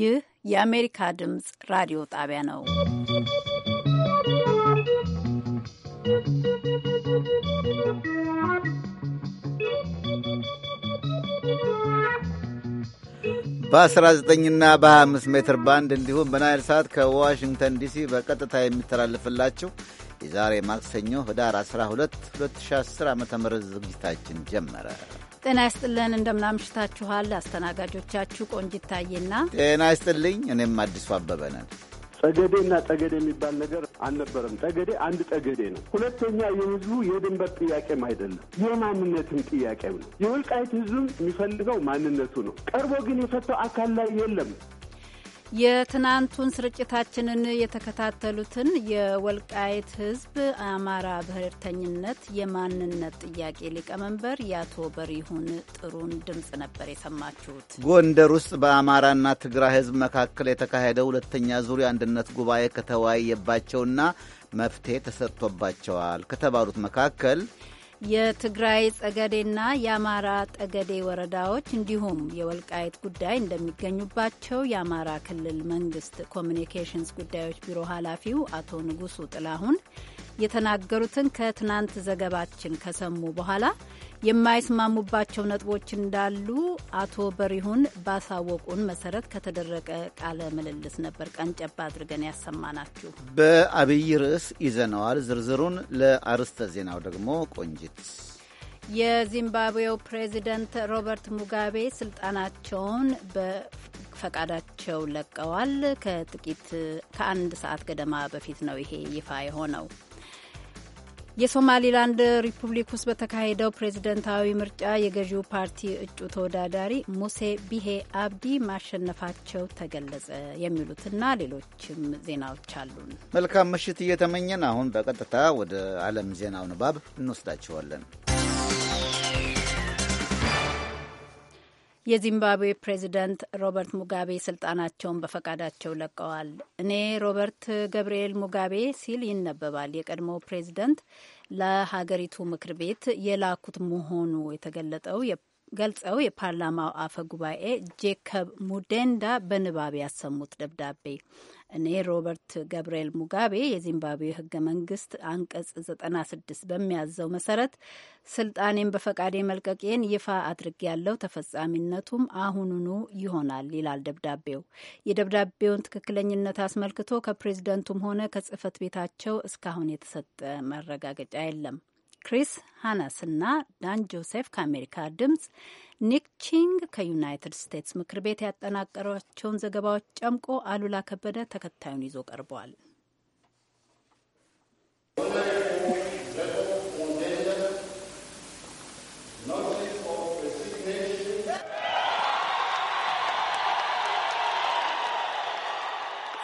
ይህ የአሜሪካ ድምፅ ራዲዮ ጣቢያ ነው። በ19ና በ25 ሜትር ባንድ እንዲሁም በናይል ሰዓት ከዋሽንግተን ዲሲ በቀጥታ የሚተላለፍላችሁ የዛሬ ማክሰኞ ህዳር 12 2010 ዓ ም ዝግጅታችን ጀመረ። ጤና ይስጥልን እንደምናምሽታችኋል። አስተናጋጆቻችሁ ቆንጂት ታዬና ጤና ይስጥልኝ። እኔም አዲሱ አበበ ነን። ጠገዴ እና ጠገዴ የሚባል ነገር አልነበረም። ጠገዴ አንድ ጠገዴ ነው። ሁለተኛ የህዝቡ የድንበር ጥያቄም አይደለም፣ የማንነትም ጥያቄም ነው። የወልቃይት ህዝብም የሚፈልገው ማንነቱ ነው። ቀርቦ ግን የፈታው አካል ላይ የለም። የትናንቱን ስርጭታችንን የተከታተሉትን የወልቃየት ሕዝብ አማራ ብሔርተኝነት የማንነት ጥያቄ ሊቀመንበር የአቶ በሪሁን ጥሩን ድምፅ ነበር የሰማችሁት። ጎንደር ውስጥ በአማራና ትግራይ ሕዝብ መካከል የተካሄደው ሁለተኛ ዙር የአንድነት ጉባኤ ከተወያየባቸውና መፍትሄ ተሰጥቶባቸዋል ከተባሉት መካከል የትግራይ ጸገዴና የአማራ ጠገዴ ወረዳዎች እንዲሁም የወልቃየት ጉዳይ እንደሚገኙባቸው የአማራ ክልል መንግስት ኮሚኒኬሽንስ ጉዳዮች ቢሮ ኃላፊው አቶ ንጉሱ ጥላሁን የተናገሩትን ከትናንት ዘገባችን ከሰሙ በኋላ የማይስማሙባቸው ነጥቦች እንዳሉ አቶ በሪሁን ባሳወቁን መሰረት ከተደረገ ቃለ ምልልስ ነበር ቀንጨባ አድርገን ያሰማናችሁ። በአብይ ርዕስ ይዘነዋል። ዝርዝሩን ለአርስተ ዜናው ደግሞ ቆንጅት የዚምባብዌው ፕሬዚደንት ሮበርት ሙጋቤ ስልጣናቸውን በፈቃዳቸው ለቀዋል። ከጥቂት ከአንድ ሰዓት ገደማ በፊት ነው ይሄ ይፋ የሆነው። የሶማሊላንድ ሪፑብሊክ ውስጥ በተካሄደው ፕሬዝደንታዊ ምርጫ የገዢው ፓርቲ እጩ ተወዳዳሪ ሙሴ ቢሄ አብዲ ማሸነፋቸው ተገለጸ። የሚሉትና ሌሎችም ዜናዎች አሉን። መልካም ምሽት እየተመኘን አሁን በቀጥታ ወደ ዓለም ዜናው ንባብ እንወስዳችኋለን። የዚምባብዌ ፕሬዚደንት ሮበርት ሙጋቤ ስልጣናቸውን በፈቃዳቸው ለቀዋል። እኔ ሮበርት ገብርኤል ሙጋቤ ሲል ይነበባል የቀድሞው ፕሬዚደንት ለሀገሪቱ ምክር ቤት የላኩት መሆኑ የተገለጠው ገልጸው የፓርላማው አፈ ጉባኤ ጄከብ ሙዴንዳ በንባብ ያሰሙት ደብዳቤ እኔ ሮበርት ገብርኤል ሙጋቤ የዚምባብዌ ህገ መንግስት አንቀጽ 96 በሚያዘው መሰረት ስልጣኔን በፈቃዴ መልቀቄን ይፋ አድርግ ያለው ተፈጻሚነቱም አሁኑኑ ይሆናል ይላል ደብዳቤው። የደብዳቤውን ትክክለኝነት አስመልክቶ ከፕሬዝደንቱም ሆነ ከጽህፈት ቤታቸው እስካሁን የተሰጠ መረጋገጫ የለም። ክሪስ እና ዳን ጆሴፍ ከአሜሪካ ድምፅ፣ ኒክ ቺንግ ከዩናይትድ ስቴትስ ምክር ቤት ያጠናቀሯቸውን ዘገባዎች ጨምቆ አሉላ ከበደ ተከታዩን ይዞ ቀርበዋል።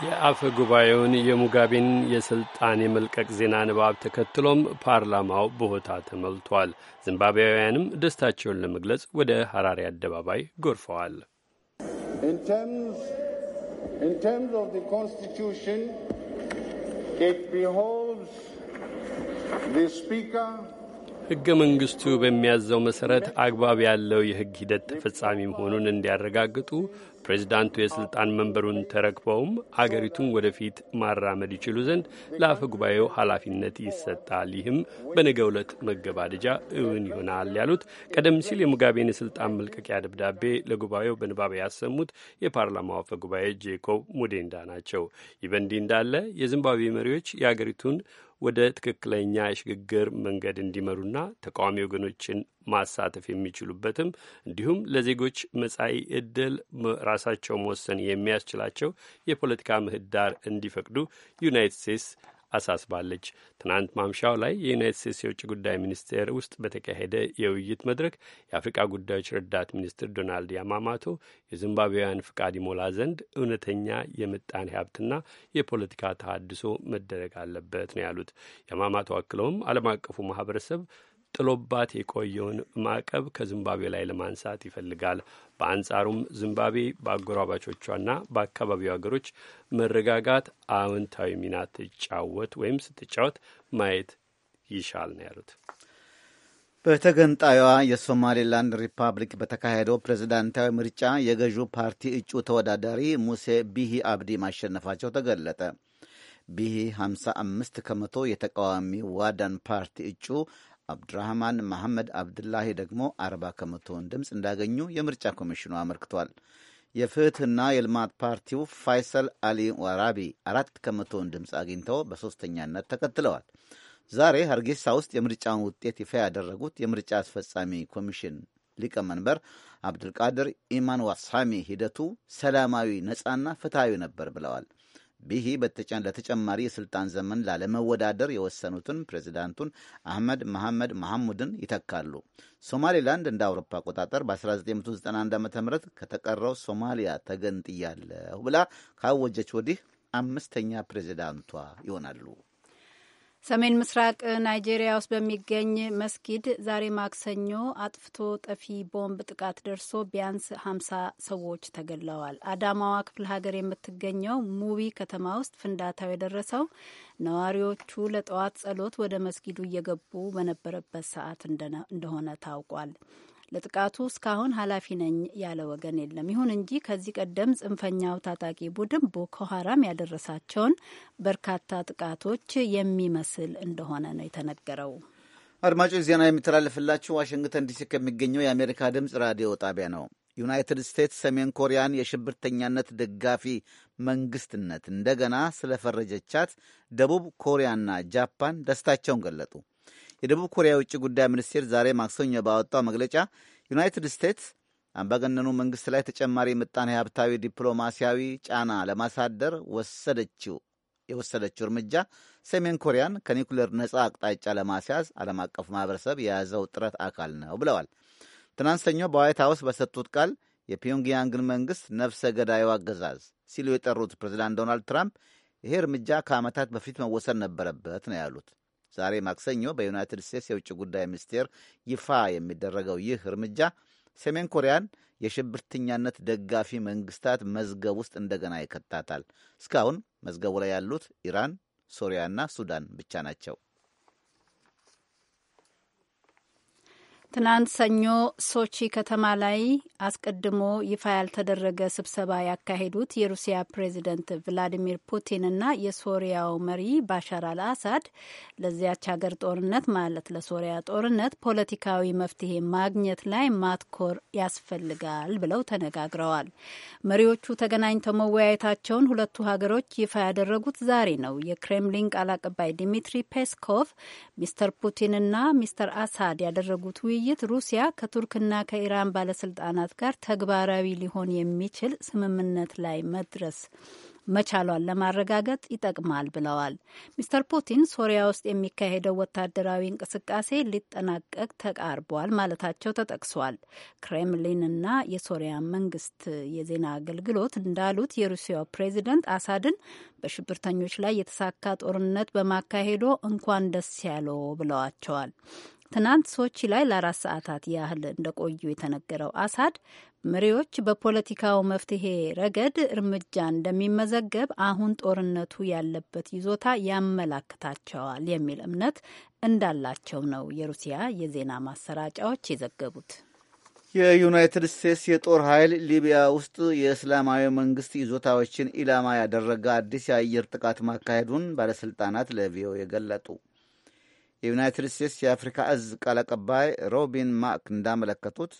የአፈ ጉባኤውን የሙጋቤን የስልጣን የመልቀቅ ዜና ንባብ ተከትሎም ፓርላማው በሆታ ተሞልቷል። ዚምባብያውያንም ደስታቸውን ለመግለጽ ወደ ሀራሪ አደባባይ ጎርፈዋል። ሕገ መንግሥቱ በሚያዘው መሠረት አግባብ ያለው የሕግ ሂደት ተፈጻሚ መሆኑን እንዲያረጋግጡ ፕሬዚዳንቱ የሥልጣን መንበሩን ተረክበውም አገሪቱን ወደፊት ማራመድ ይችሉ ዘንድ ለአፈ ጉባኤው ኃላፊነት ይሰጣል። ይህም በነገ ዕለት መገባደጃ እውን ይሆናል ያሉት ቀደም ሲል የሙጋቤን የሥልጣን መልቀቂያ ደብዳቤ ለጉባኤው በንባብ ያሰሙት የፓርላማው አፈ ጉባኤ ጄኮብ ሙዴንዳ ናቸው። ይህ በእንዲህ እንዳለ የዚምባብዌ መሪዎች የአገሪቱን ወደ ትክክለኛ የሽግግር መንገድ እንዲመሩና ተቃዋሚ ወገኖችን ማሳተፍ የሚችሉበትም እንዲሁም ለዜጎች መጻኢ እድል ራሳቸው መወሰን የሚያስችላቸው የፖለቲካ ምህዳር እንዲፈቅዱ ዩናይትድ ስቴትስ አሳስባለች። ትናንት ማምሻው ላይ የዩናይትድ ስቴትስ የውጭ ጉዳይ ሚኒስቴር ውስጥ በተካሄደ የውይይት መድረክ የአፍሪቃ ጉዳዮች ረዳት ሚኒስትር ዶናልድ ያማማቶ የዚምባብዌውያን ፍቃድ ይሞላ ዘንድ እውነተኛ የምጣኔ ሀብትና የፖለቲካ ተሃድሶ መደረግ አለበት ነው ያሉት። ያማማቶ አክለውም ዓለም አቀፉ ማህበረሰብ ጥሎባት የቆየውን ማዕቀብ ከዚምባብዌ ላይ ለማንሳት ይፈልጋል። በአንጻሩም ዚምባብዌ በአጎራባቾቿና በአካባቢው ሀገሮች መረጋጋት አዎንታዊ ሚና ትጫወት ወይም ስትጫወት ማየት ይሻል ነው ያሉት። በተገንጣዩዋ የሶማሌላንድ ሪፐብሊክ በተካሄደው ፕሬዝዳንታዊ ምርጫ የገዢው ፓርቲ እጩ ተወዳዳሪ ሙሴ ቢሂ አብዲ ማሸነፋቸው ተገለጠ። ቢሂ 55 ከመቶ የተቃዋሚ ዋዳን ፓርቲ እጩ አብድራህማን መሐመድ አብድላሂ ደግሞ አርባ ከመቶውን ድምፅ እንዳገኙ የምርጫ ኮሚሽኑ አመልክቷል። የፍትህና የልማት ፓርቲው ፋይሰል አሊ ዋራቢ አራት ከመቶውን ድምፅ አግኝተው በሦስተኛነት ተከትለዋል። ዛሬ ሀርጌሳ ውስጥ የምርጫውን ውጤት ይፋ ያደረጉት የምርጫ አስፈጻሚ ኮሚሽን ሊቀመንበር አብዱልቃድር ኢማን ዋሳሚ ሂደቱ ሰላማዊ፣ ነጻና ፍትሐዊ ነበር ብለዋል። ቢሂ ለተጨማሪ የስልጣን ዘመን ላለመወዳደር የወሰኑትን ፕሬዚዳንቱን አህመድ መሐመድ መሐሙድን ይተካሉ። ሶማሌላንድ እንደ አውሮፓ አቆጣጠር በ1991 ዓ ም ከተቀረው ሶማሊያ ተገንጥያለሁ ብላ ካወጀች ወዲህ አምስተኛ ፕሬዚዳንቷ ይሆናሉ። ሰሜን ምስራቅ ናይጄሪያ ውስጥ በሚገኝ መስጊድ ዛሬ ማክሰኞ አጥፍቶ ጠፊ ቦምብ ጥቃት ደርሶ ቢያንስ ሀምሳ ሰዎች ተገድለዋል። አዳማዋ ክፍለ ሀገር የምትገኘው ሙቢ ከተማ ውስጥ ፍንዳታው የደረሰው ነዋሪዎቹ ለጠዋት ጸሎት ወደ መስጊዱ እየገቡ በነበረበት ሰዓት እንደሆነ ታውቋል። ለጥቃቱ እስካሁን ኃላፊ ነኝ ያለ ወገን የለም። ይሁን እንጂ ከዚህ ቀደም ጽንፈኛው ታጣቂ ቡድን ቦኮ ሀራም ያደረሳቸውን በርካታ ጥቃቶች የሚመስል እንደሆነ ነው የተነገረው። አድማጮች፣ ዜና የሚተላለፍላችሁ ዋሽንግተን ዲሲ ከሚገኘው የአሜሪካ ድምፅ ራዲዮ ጣቢያ ነው። ዩናይትድ ስቴትስ ሰሜን ኮሪያን የሽብርተኛነት ደጋፊ መንግስትነት እንደገና ስለፈረጀቻት ደቡብ ኮሪያና ጃፓን ደስታቸውን ገለጡ። የደቡብ ኮሪያ የውጭ ጉዳይ ሚኒስቴር ዛሬ ማክሰኞ ባወጣው መግለጫ ዩናይትድ ስቴትስ አምባገነኑ መንግስት ላይ ተጨማሪ ምጣኔ ሀብታዊ ዲፕሎማሲያዊ ጫና ለማሳደር ወሰደችው የወሰደችው እርምጃ ሰሜን ኮሪያን ከኒኩሌር ነጻ አቅጣጫ ለማስያዝ ዓለም አቀፉ ማህበረሰብ የያዘው ጥረት አካል ነው ብለዋል። ትናንት ሰኞ በዋይት ሀውስ በሰጡት ቃል የፒዮንግያንግን መንግስት ነፍሰ ገዳዩ አገዛዝ ሲሉ የጠሩት ፕሬዚዳንት ዶናልድ ትራምፕ ይሄ እርምጃ ከዓመታት በፊት መወሰድ ነበረበት ነው ያሉት። ዛሬ ማክሰኞ በዩናይትድ ስቴትስ የውጭ ጉዳይ ሚኒስቴር ይፋ የሚደረገው ይህ እርምጃ ሰሜን ኮሪያን የሽብርተኛነት ደጋፊ መንግስታት መዝገብ ውስጥ እንደገና ይከታታል። እስካሁን መዝገቡ ላይ ያሉት ኢራን፣ ሶሪያና ሱዳን ብቻ ናቸው። ትናንት ሰኞ ሶቺ ከተማ ላይ አስቀድሞ ይፋ ያልተደረገ ስብሰባ ያካሄዱት የሩሲያ ፕሬዚደንት ቭላዲሚር ፑቲንና የሶሪያው መሪ ባሻር አልአሳድ ለዚያች ሀገር ጦርነት ማለት ለሶሪያ ጦርነት ፖለቲካዊ መፍትሄ ማግኘት ላይ ማትኮር ያስፈልጋል ብለው ተነጋግረዋል። መሪዎቹ ተገናኝተው መወያየታቸውን ሁለቱ ሀገሮች ይፋ ያደረጉት ዛሬ ነው። የክሬምሊን ቃል አቀባይ ዲሚትሪ ፔስኮቭ ሚስተር ፑቲንና ሚስተር አሳድ ያደረጉት ውይይት ውይይት ሩሲያ ከቱርክና ከኢራን ባለስልጣናት ጋር ተግባራዊ ሊሆን የሚችል ስምምነት ላይ መድረስ መቻሏን ለማረጋገጥ ይጠቅማል ብለዋል። ሚስተር ፑቲን ሶሪያ ውስጥ የሚካሄደው ወታደራዊ እንቅስቃሴ ሊጠናቀቅ ተቃርቧል ማለታቸው ተጠቅሷል። ክሬምሊንና የሶሪያ መንግስት የዜና አገልግሎት እንዳሉት የሩሲያው ፕሬዚደንት አሳድን በሽብርተኞች ላይ የተሳካ ጦርነት በማካሄዶ እንኳን ደስ ያለው ብለዋቸዋል። ትናንት ሶቺ ላይ ለአራት ሰዓታት ያህል እንደቆዩ የተነገረው አሳድ መሪዎች በፖለቲካው መፍትሄ ረገድ እርምጃ እንደሚመዘገብ አሁን ጦርነቱ ያለበት ይዞታ ያመላክታቸዋል የሚል እምነት እንዳላቸው ነው የሩሲያ የዜና ማሰራጫዎች የዘገቡት። የዩናይትድ ስቴትስ የጦር ኃይል ሊቢያ ውስጥ የእስላማዊ መንግስት ይዞታዎችን ኢላማ ያደረገ አዲስ የአየር ጥቃት ማካሄዱን ባለስልጣናት ለቪኦኤ ገለጡ። የዩናይትድ ስቴትስ የአፍሪካ እዝ ቃል አቀባይ ሮቢን ማክ እንዳመለከቱት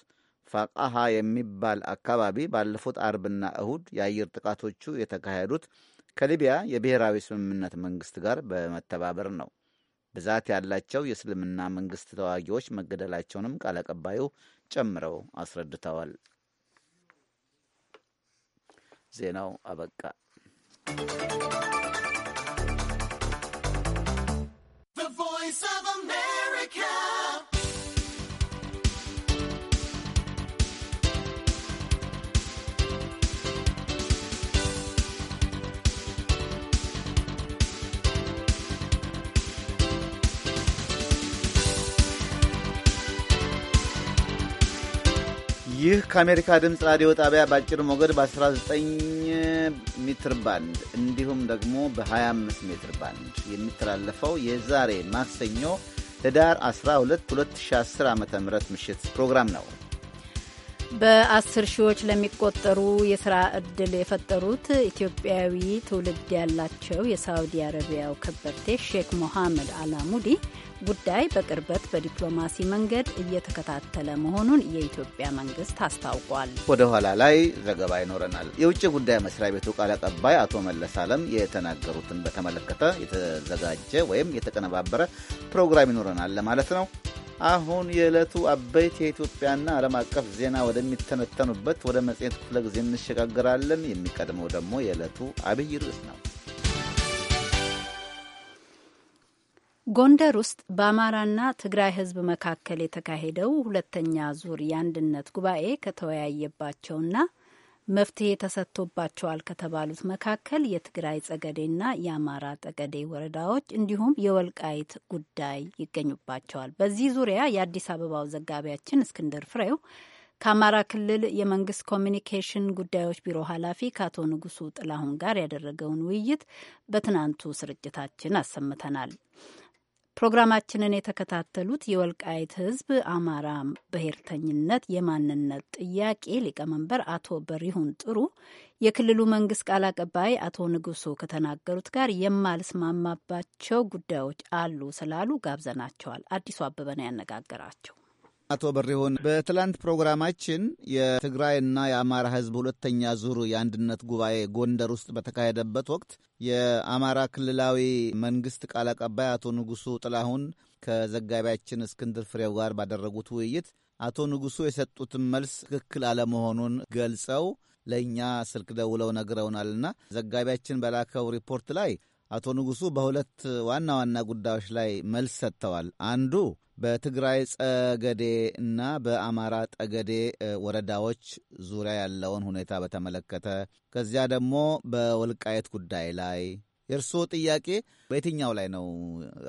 ፋቃሃ የሚባል አካባቢ ባለፉት አርብና እሁድ የአየር ጥቃቶቹ የተካሄዱት ከሊቢያ የብሔራዊ ስምምነት መንግስት ጋር በመተባበር ነው። ብዛት ያላቸው የእስልምና መንግስት ተዋጊዎች መገደላቸውንም ቃል አቀባዩ ጨምረው አስረድተዋል። ዜናው አበቃ። ይህ ከአሜሪካ ድምፅ ራዲዮ ጣቢያ በአጭር ሞገድ በ19 ሜትር ባንድ እንዲሁም ደግሞ በ25 ሜትር ባንድ የሚተላለፈው የዛሬ ማክሰኞ ህዳር 12 2010 ዓ ም ምሽት ፕሮግራም ነው። በአስር ሺዎች ለሚቆጠሩ የስራ እድል የፈጠሩት ኢትዮጵያዊ ትውልድ ያላቸው የሳውዲ አረቢያው ከበርቴ ሼክ ሞሐመድ አላሙዲ ጉዳይ በቅርበት በዲፕሎማሲ መንገድ እየተከታተለ መሆኑን የኢትዮጵያ መንግስት አስታውቋል። ወደ ኋላ ላይ ዘገባ ይኖረናል። የውጭ ጉዳይ መስሪያ ቤቱ ቃል አቀባይ አቶ መለስ አለም የተናገሩትን በተመለከተ የተዘጋጀ ወይም የተቀነባበረ ፕሮግራም ይኖረናል ለማለት ነው። አሁን የዕለቱ አበይት የኢትዮጵያና ዓለም አቀፍ ዜና ወደሚተነተኑበት ወደ መጽሔት ክፍለ ጊዜ እንሸጋግራለን። የሚቀድመው ደግሞ የዕለቱ አብይ ርዕስ ነው። ጎንደር ውስጥ በአማራና ትግራይ ሕዝብ መካከል የተካሄደው ሁለተኛ ዙር የአንድነት ጉባኤ ከተወያየባቸውና መፍትሄ ተሰጥቶባቸዋል ከተባሉት መካከል የትግራይ ጸገዴና የአማራ ጠገዴ ወረዳዎች እንዲሁም የወልቃይት ጉዳይ ይገኙባቸዋል። በዚህ ዙሪያ የአዲስ አበባው ዘጋቢያችን እስክንድር ፍሬው ከአማራ ክልል የመንግስት ኮሚኒኬሽን ጉዳዮች ቢሮ ኃላፊ ከአቶ ንጉሱ ጥላሁን ጋር ያደረገውን ውይይት በትናንቱ ስርጭታችን አሰምተናል። ፕሮግራማችንን የተከታተሉት የወልቃይት ሕዝብ አማራ ብሔርተኝነት የማንነት ጥያቄ ሊቀመንበር አቶ በሪሁን ጥሩ የክልሉ መንግስት ቃል አቀባይ አቶ ንጉሶ ከተናገሩት ጋር የማልስማማባቸው ጉዳዮች አሉ ስላሉ ጋብዘናቸዋል። አዲሱ አበበ ነው ያነጋገራቸው። አቶ በሪሁን በትላንት ፕሮግራማችን የትግራይና የአማራ ህዝብ ሁለተኛ ዙር የአንድነት ጉባኤ ጎንደር ውስጥ በተካሄደበት ወቅት የአማራ ክልላዊ መንግስት ቃል አቀባይ አቶ ንጉሱ ጥላሁን ከዘጋቢያችን እስክንድር ፍሬው ጋር ባደረጉት ውይይት አቶ ንጉሱ የሰጡትን መልስ ትክክል አለመሆኑን ገልጸው ለእኛ ስልክ ደውለው ነግረውናልና ዘጋቢያችን በላከው ሪፖርት ላይ አቶ ንጉሱ በሁለት ዋና ዋና ጉዳዮች ላይ መልስ ሰጥተዋል። አንዱ በትግራይ ጸገዴ እና በአማራ ጠገዴ ወረዳዎች ዙሪያ ያለውን ሁኔታ በተመለከተ፣ ከዚያ ደግሞ በወልቃየት ጉዳይ ላይ የእርስዎ ጥያቄ በየትኛው ላይ ነው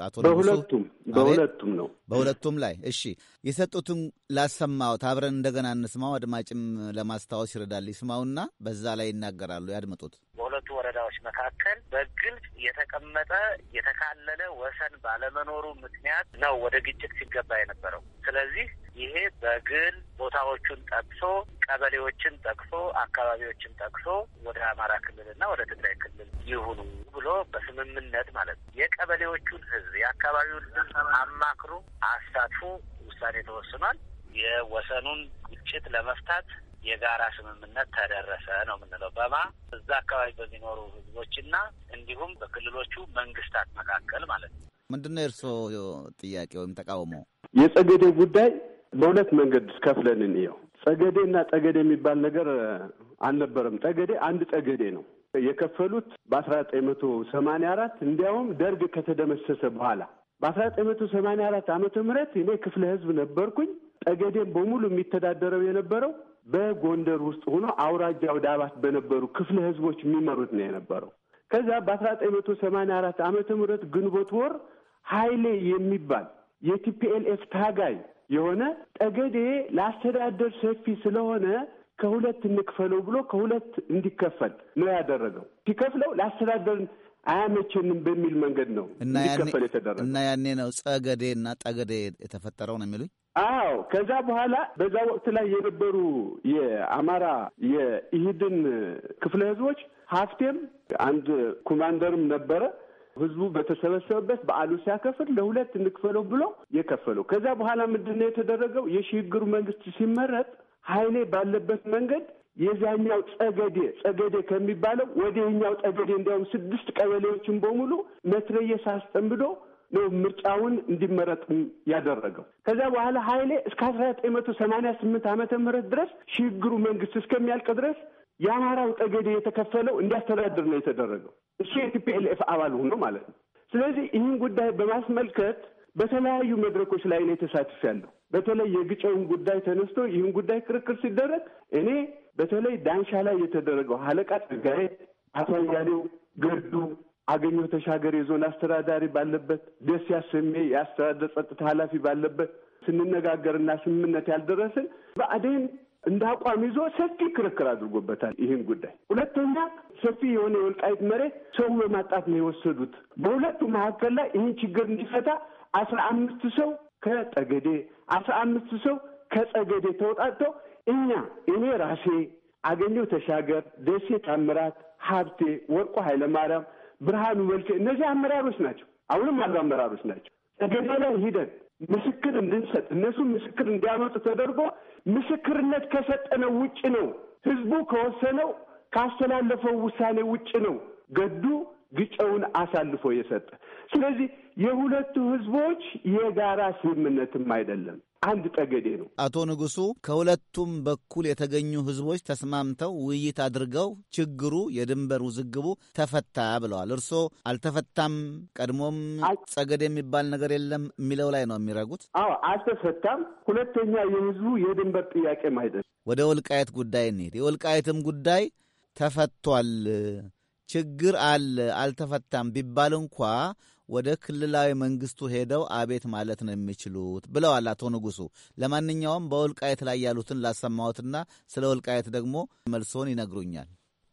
አቶ? በሁለቱም በሁለቱም ነው በሁለቱም ላይ እሺ፣ የሰጡትን ላሰማው አብረን እንደገና እንስማው። አድማጭም ለማስታወስ ይረዳል። ይስማውና በዛ ላይ ይናገራሉ፣ ያድምጡት። በሁለቱ ወረዳዎች መካከል በግልጽ የተቀመጠ የተካለለ ወሰን ባለመኖሩ ምክንያት ነው ወደ ግጭት ሲገባ የነበረው። ስለዚህ ይሄ በግል ቦታዎቹን ጠቅሶ ቀበሌዎችን ጠቅሶ አካባቢዎችን ጠቅሶ ወደ አማራ ክልልና ወደ ትግራይ ክልል ይሁኑ ብሎ በስምምነት ማለት ነው። የቀበሌዎቹን ህዝብ የአካባቢውን ህዝብ አማክሮ አሳትፎ ውሳኔ ተወስኗል። የወሰኑን ግጭት ለመፍታት የጋራ ስምምነት ተደረሰ ነው የምንለው በማ እዛ አካባቢ በሚኖሩ ህዝቦችና እንዲሁም በክልሎቹ መንግስታት መካከል ማለት ነው። ምንድነው የእርስዎ ጥያቄ ወይም ተቃውሞ? የጸገዴ ጉዳይ በሁለት መንገድ ከፍለን እንየው። ጠገዴ እና ጠገዴ የሚባል ነገር አልነበረም። ጠገዴ አንድ ጠገዴ ነው። የከፈሉት በአስራ ዘጠኝ መቶ ሰማንያ አራት እንዲያውም ደርግ ከተደመሰሰ በኋላ በአስራ ዘጠኝ መቶ ሰማንያ አራት ዓመተ ምህረት እኔ ክፍለ ህዝብ ነበርኩኝ። ጠገዴም በሙሉ የሚተዳደረው የነበረው በጎንደር ውስጥ ሆኖ አውራጃው ዳባት አባት በነበሩ ክፍለ ህዝቦች የሚመሩት ነው የነበረው። ከዛ በአስራ ዘጠኝ መቶ ሰማንያ አራት ዓመተ ምህረት ግንቦት ወር ሀይሌ የሚባል የቲፒኤልኤፍ ታጋይ የሆነ ጠገዴ ለአስተዳደር ሰፊ ስለሆነ ከሁለት እንክፈለው ብሎ ከሁለት እንዲከፈል ነው ያደረገው። ሲከፍለው ለአስተዳደር አያመቸንም በሚል መንገድ ነው እንዲከፈል የተደረገ እና ያኔ ነው ጸገዴ እና ጠገዴ የተፈጠረው ነው የሚሉኝ። አዎ ከዛ በኋላ በዛ ወቅት ላይ የነበሩ የአማራ የኢህድን ክፍለ ህዝቦች ሀፍቴም አንድ ኮማንደርም ነበረ ህዝቡ በተሰበሰበበት በዓሉ ሲያከፍል ለሁለት እንክፈለው ብሎ የከፈለው። ከዛ በኋላ ምንድን ነው የተደረገው? የሽግግሩ መንግስት ሲመረጥ ኃይሌ ባለበት መንገድ የዛኛው ጸገዴ ጸገዴ ከሚባለው ወደ የኛው ጸገዴ እንዲያውም ስድስት ቀበሌዎችን በሙሉ መትረየስ አስጠምዶ ነው ምርጫውን እንዲመረጥ ያደረገው። ከዛ በኋላ ኃይሌ እስከ አስራ ዘጠኝ መቶ ሰማንያ ስምንት ዓመተ ምህረት ድረስ ሽግግሩ መንግስት እስከሚያልቅ ድረስ የአማራው ጠገዴ የተከፈለው እንዲያስተዳድር ነው የተደረገው። እሱ የቲፒኤልኤፍ አባል ሆኖ ማለት ነው። ስለዚህ ይህን ጉዳይ በማስመልከት በተለያዩ መድረኮች ላይ የተሳትፍ ያለው በተለይ የግጨውን ጉዳይ ተነስቶ ይህን ጉዳይ ክርክር ሲደረግ እኔ በተለይ ዳንሻ ላይ የተደረገው አለቃ ጠጋዬ፣ አቶ አያሌው ገዱ፣ አገኘሁ ተሻገር የዞን አስተዳዳሪ ባለበት፣ ደስ ያሰሜ የአስተዳደር ጸጥታ ኃላፊ ባለበት ስንነጋገርና ስምምነት ያልደረስን በአዴን እንደ አቋም ይዞ ሰፊ ክርክር አድርጎበታል። ይህን ጉዳይ ሁለተኛ ሰፊ የሆነ የወልቃይት መሬት ሰው በማጣት ነው የወሰዱት። በሁለቱ መካከል ላይ ይህን ችግር እንዲፈታ አስራ አምስት ሰው ከጠገዴ አስራ አምስት ሰው ከጸገዴ ተውጣጥተው እኛ እኔ ራሴ አገኘው ተሻገር፣ ደሴ ታምራት፣ ሀብቴ ወርቁ፣ ኃይለማርያም፣ ብርሃኑ መልኬ እነዚህ አመራሮች ናቸው። አሁንም አሉ አመራሮች ናቸው። ጠገዴ ላይ ሂደን ምስክር እንድንሰጥ እነሱ ምስክር እንዲያመጡ ተደርጎ ምስክርነት ከሰጠነው ውጭ ነው ህዝቡ ከወሰነው ካስተላለፈው ውሳኔ ውጭ ነው ገዱ ግጨውን አሳልፎ የሰጠ። ስለዚህ የሁለቱ ህዝቦች የጋራ ስምምነትም አይደለም። አንድ ጠገዴ ነው። አቶ ንጉሱ ከሁለቱም በኩል የተገኙ ህዝቦች ተስማምተው ውይይት አድርገው ችግሩ የድንበር ውዝግቡ ተፈታ ብለዋል። እርስዎ አልተፈታም፣ ቀድሞም ጸገዴ የሚባል ነገር የለም የሚለው ላይ ነው የሚረጉት? አዎ አልተፈታም። ሁለተኛ የህዝቡ የድንበር ጥያቄ ማይደል። ወደ ወልቃየት ጉዳይ እንሂድ። የወልቃየትም ጉዳይ ተፈቷል። ችግር አለ አልተፈታም ቢባል እንኳ ወደ ክልላዊ መንግስቱ ሄደው አቤት ማለት ነው የሚችሉት ብለዋል አቶ ንጉሱ። ለማንኛውም በወልቃየት ላይ ያሉትን ላሰማሁትና ስለ ወልቃየት ደግሞ መልሶን ይነግሩኛል።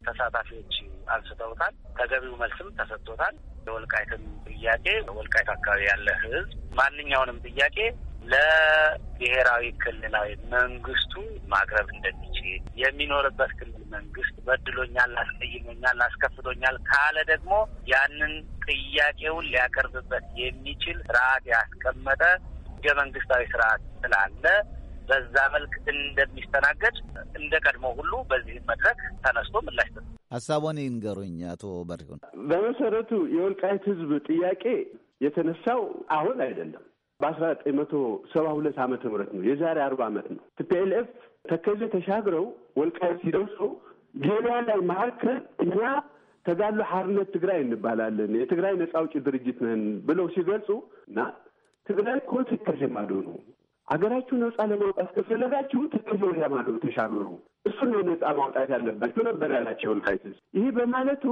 ተሳታፊዎች አንስተውታል። ተገቢው መልስም ተሰጥቶታል። የወልቃይትም ጥያቄ ወልቃይት አካባቢ ያለ ህዝብ ማንኛውንም ጥያቄ ለብሔራዊ ክልላዊ መንግስቱ ማቅረብ እንደሚችል የሚኖርበት ክልል መንግስት በድሎኛል፣ አስቀይሞኛል፣ አስከፍቶኛል ካለ ደግሞ ያንን ጥያቄውን ሊያቀርብበት የሚችል ስርዓት ያስቀመጠ ህገ መንግስታዊ ስርዓት ስላለ በዛ መልክ እንደሚስተናገድ እንደ ቀድሞ ሁሉ በዚህ መድረክ ተነስቶ ምላሽ ሀሳቦን ይንገሩኝ አቶ በሪሁን። በመሰረቱ የወልቃይት ህዝብ ጥያቄ የተነሳው አሁን አይደለም በአስራ ዘጠኝ መቶ ሰባ ሁለት ዓመተ ምህረት ነው። የዛሬ አርባ ዓመት ነው። ቲፒኤልኤፍ ተከዜ ተሻግረው ወልቃይት ሲደርሱ ጌልያ ላይ መካከል እኛ ተጋሉ ሓርነት ትግራይ እንባላለን የትግራይ ነፃ አውጪ ድርጅት ነን ብለው ሲገልጹ እና ትግራይ እኮ ተከዜ ማዶ ነው አገራችሁ ነፃ ለማውጣት ከፈለጋችሁ ተከዜ ወዲያ ማዶ ተሻገሩ፣ እሱን ነው ነፃ ማውጣት ያለባችሁ ነበር ያላቸው ወልቃይት ህዝብ። ይህ በማለቱ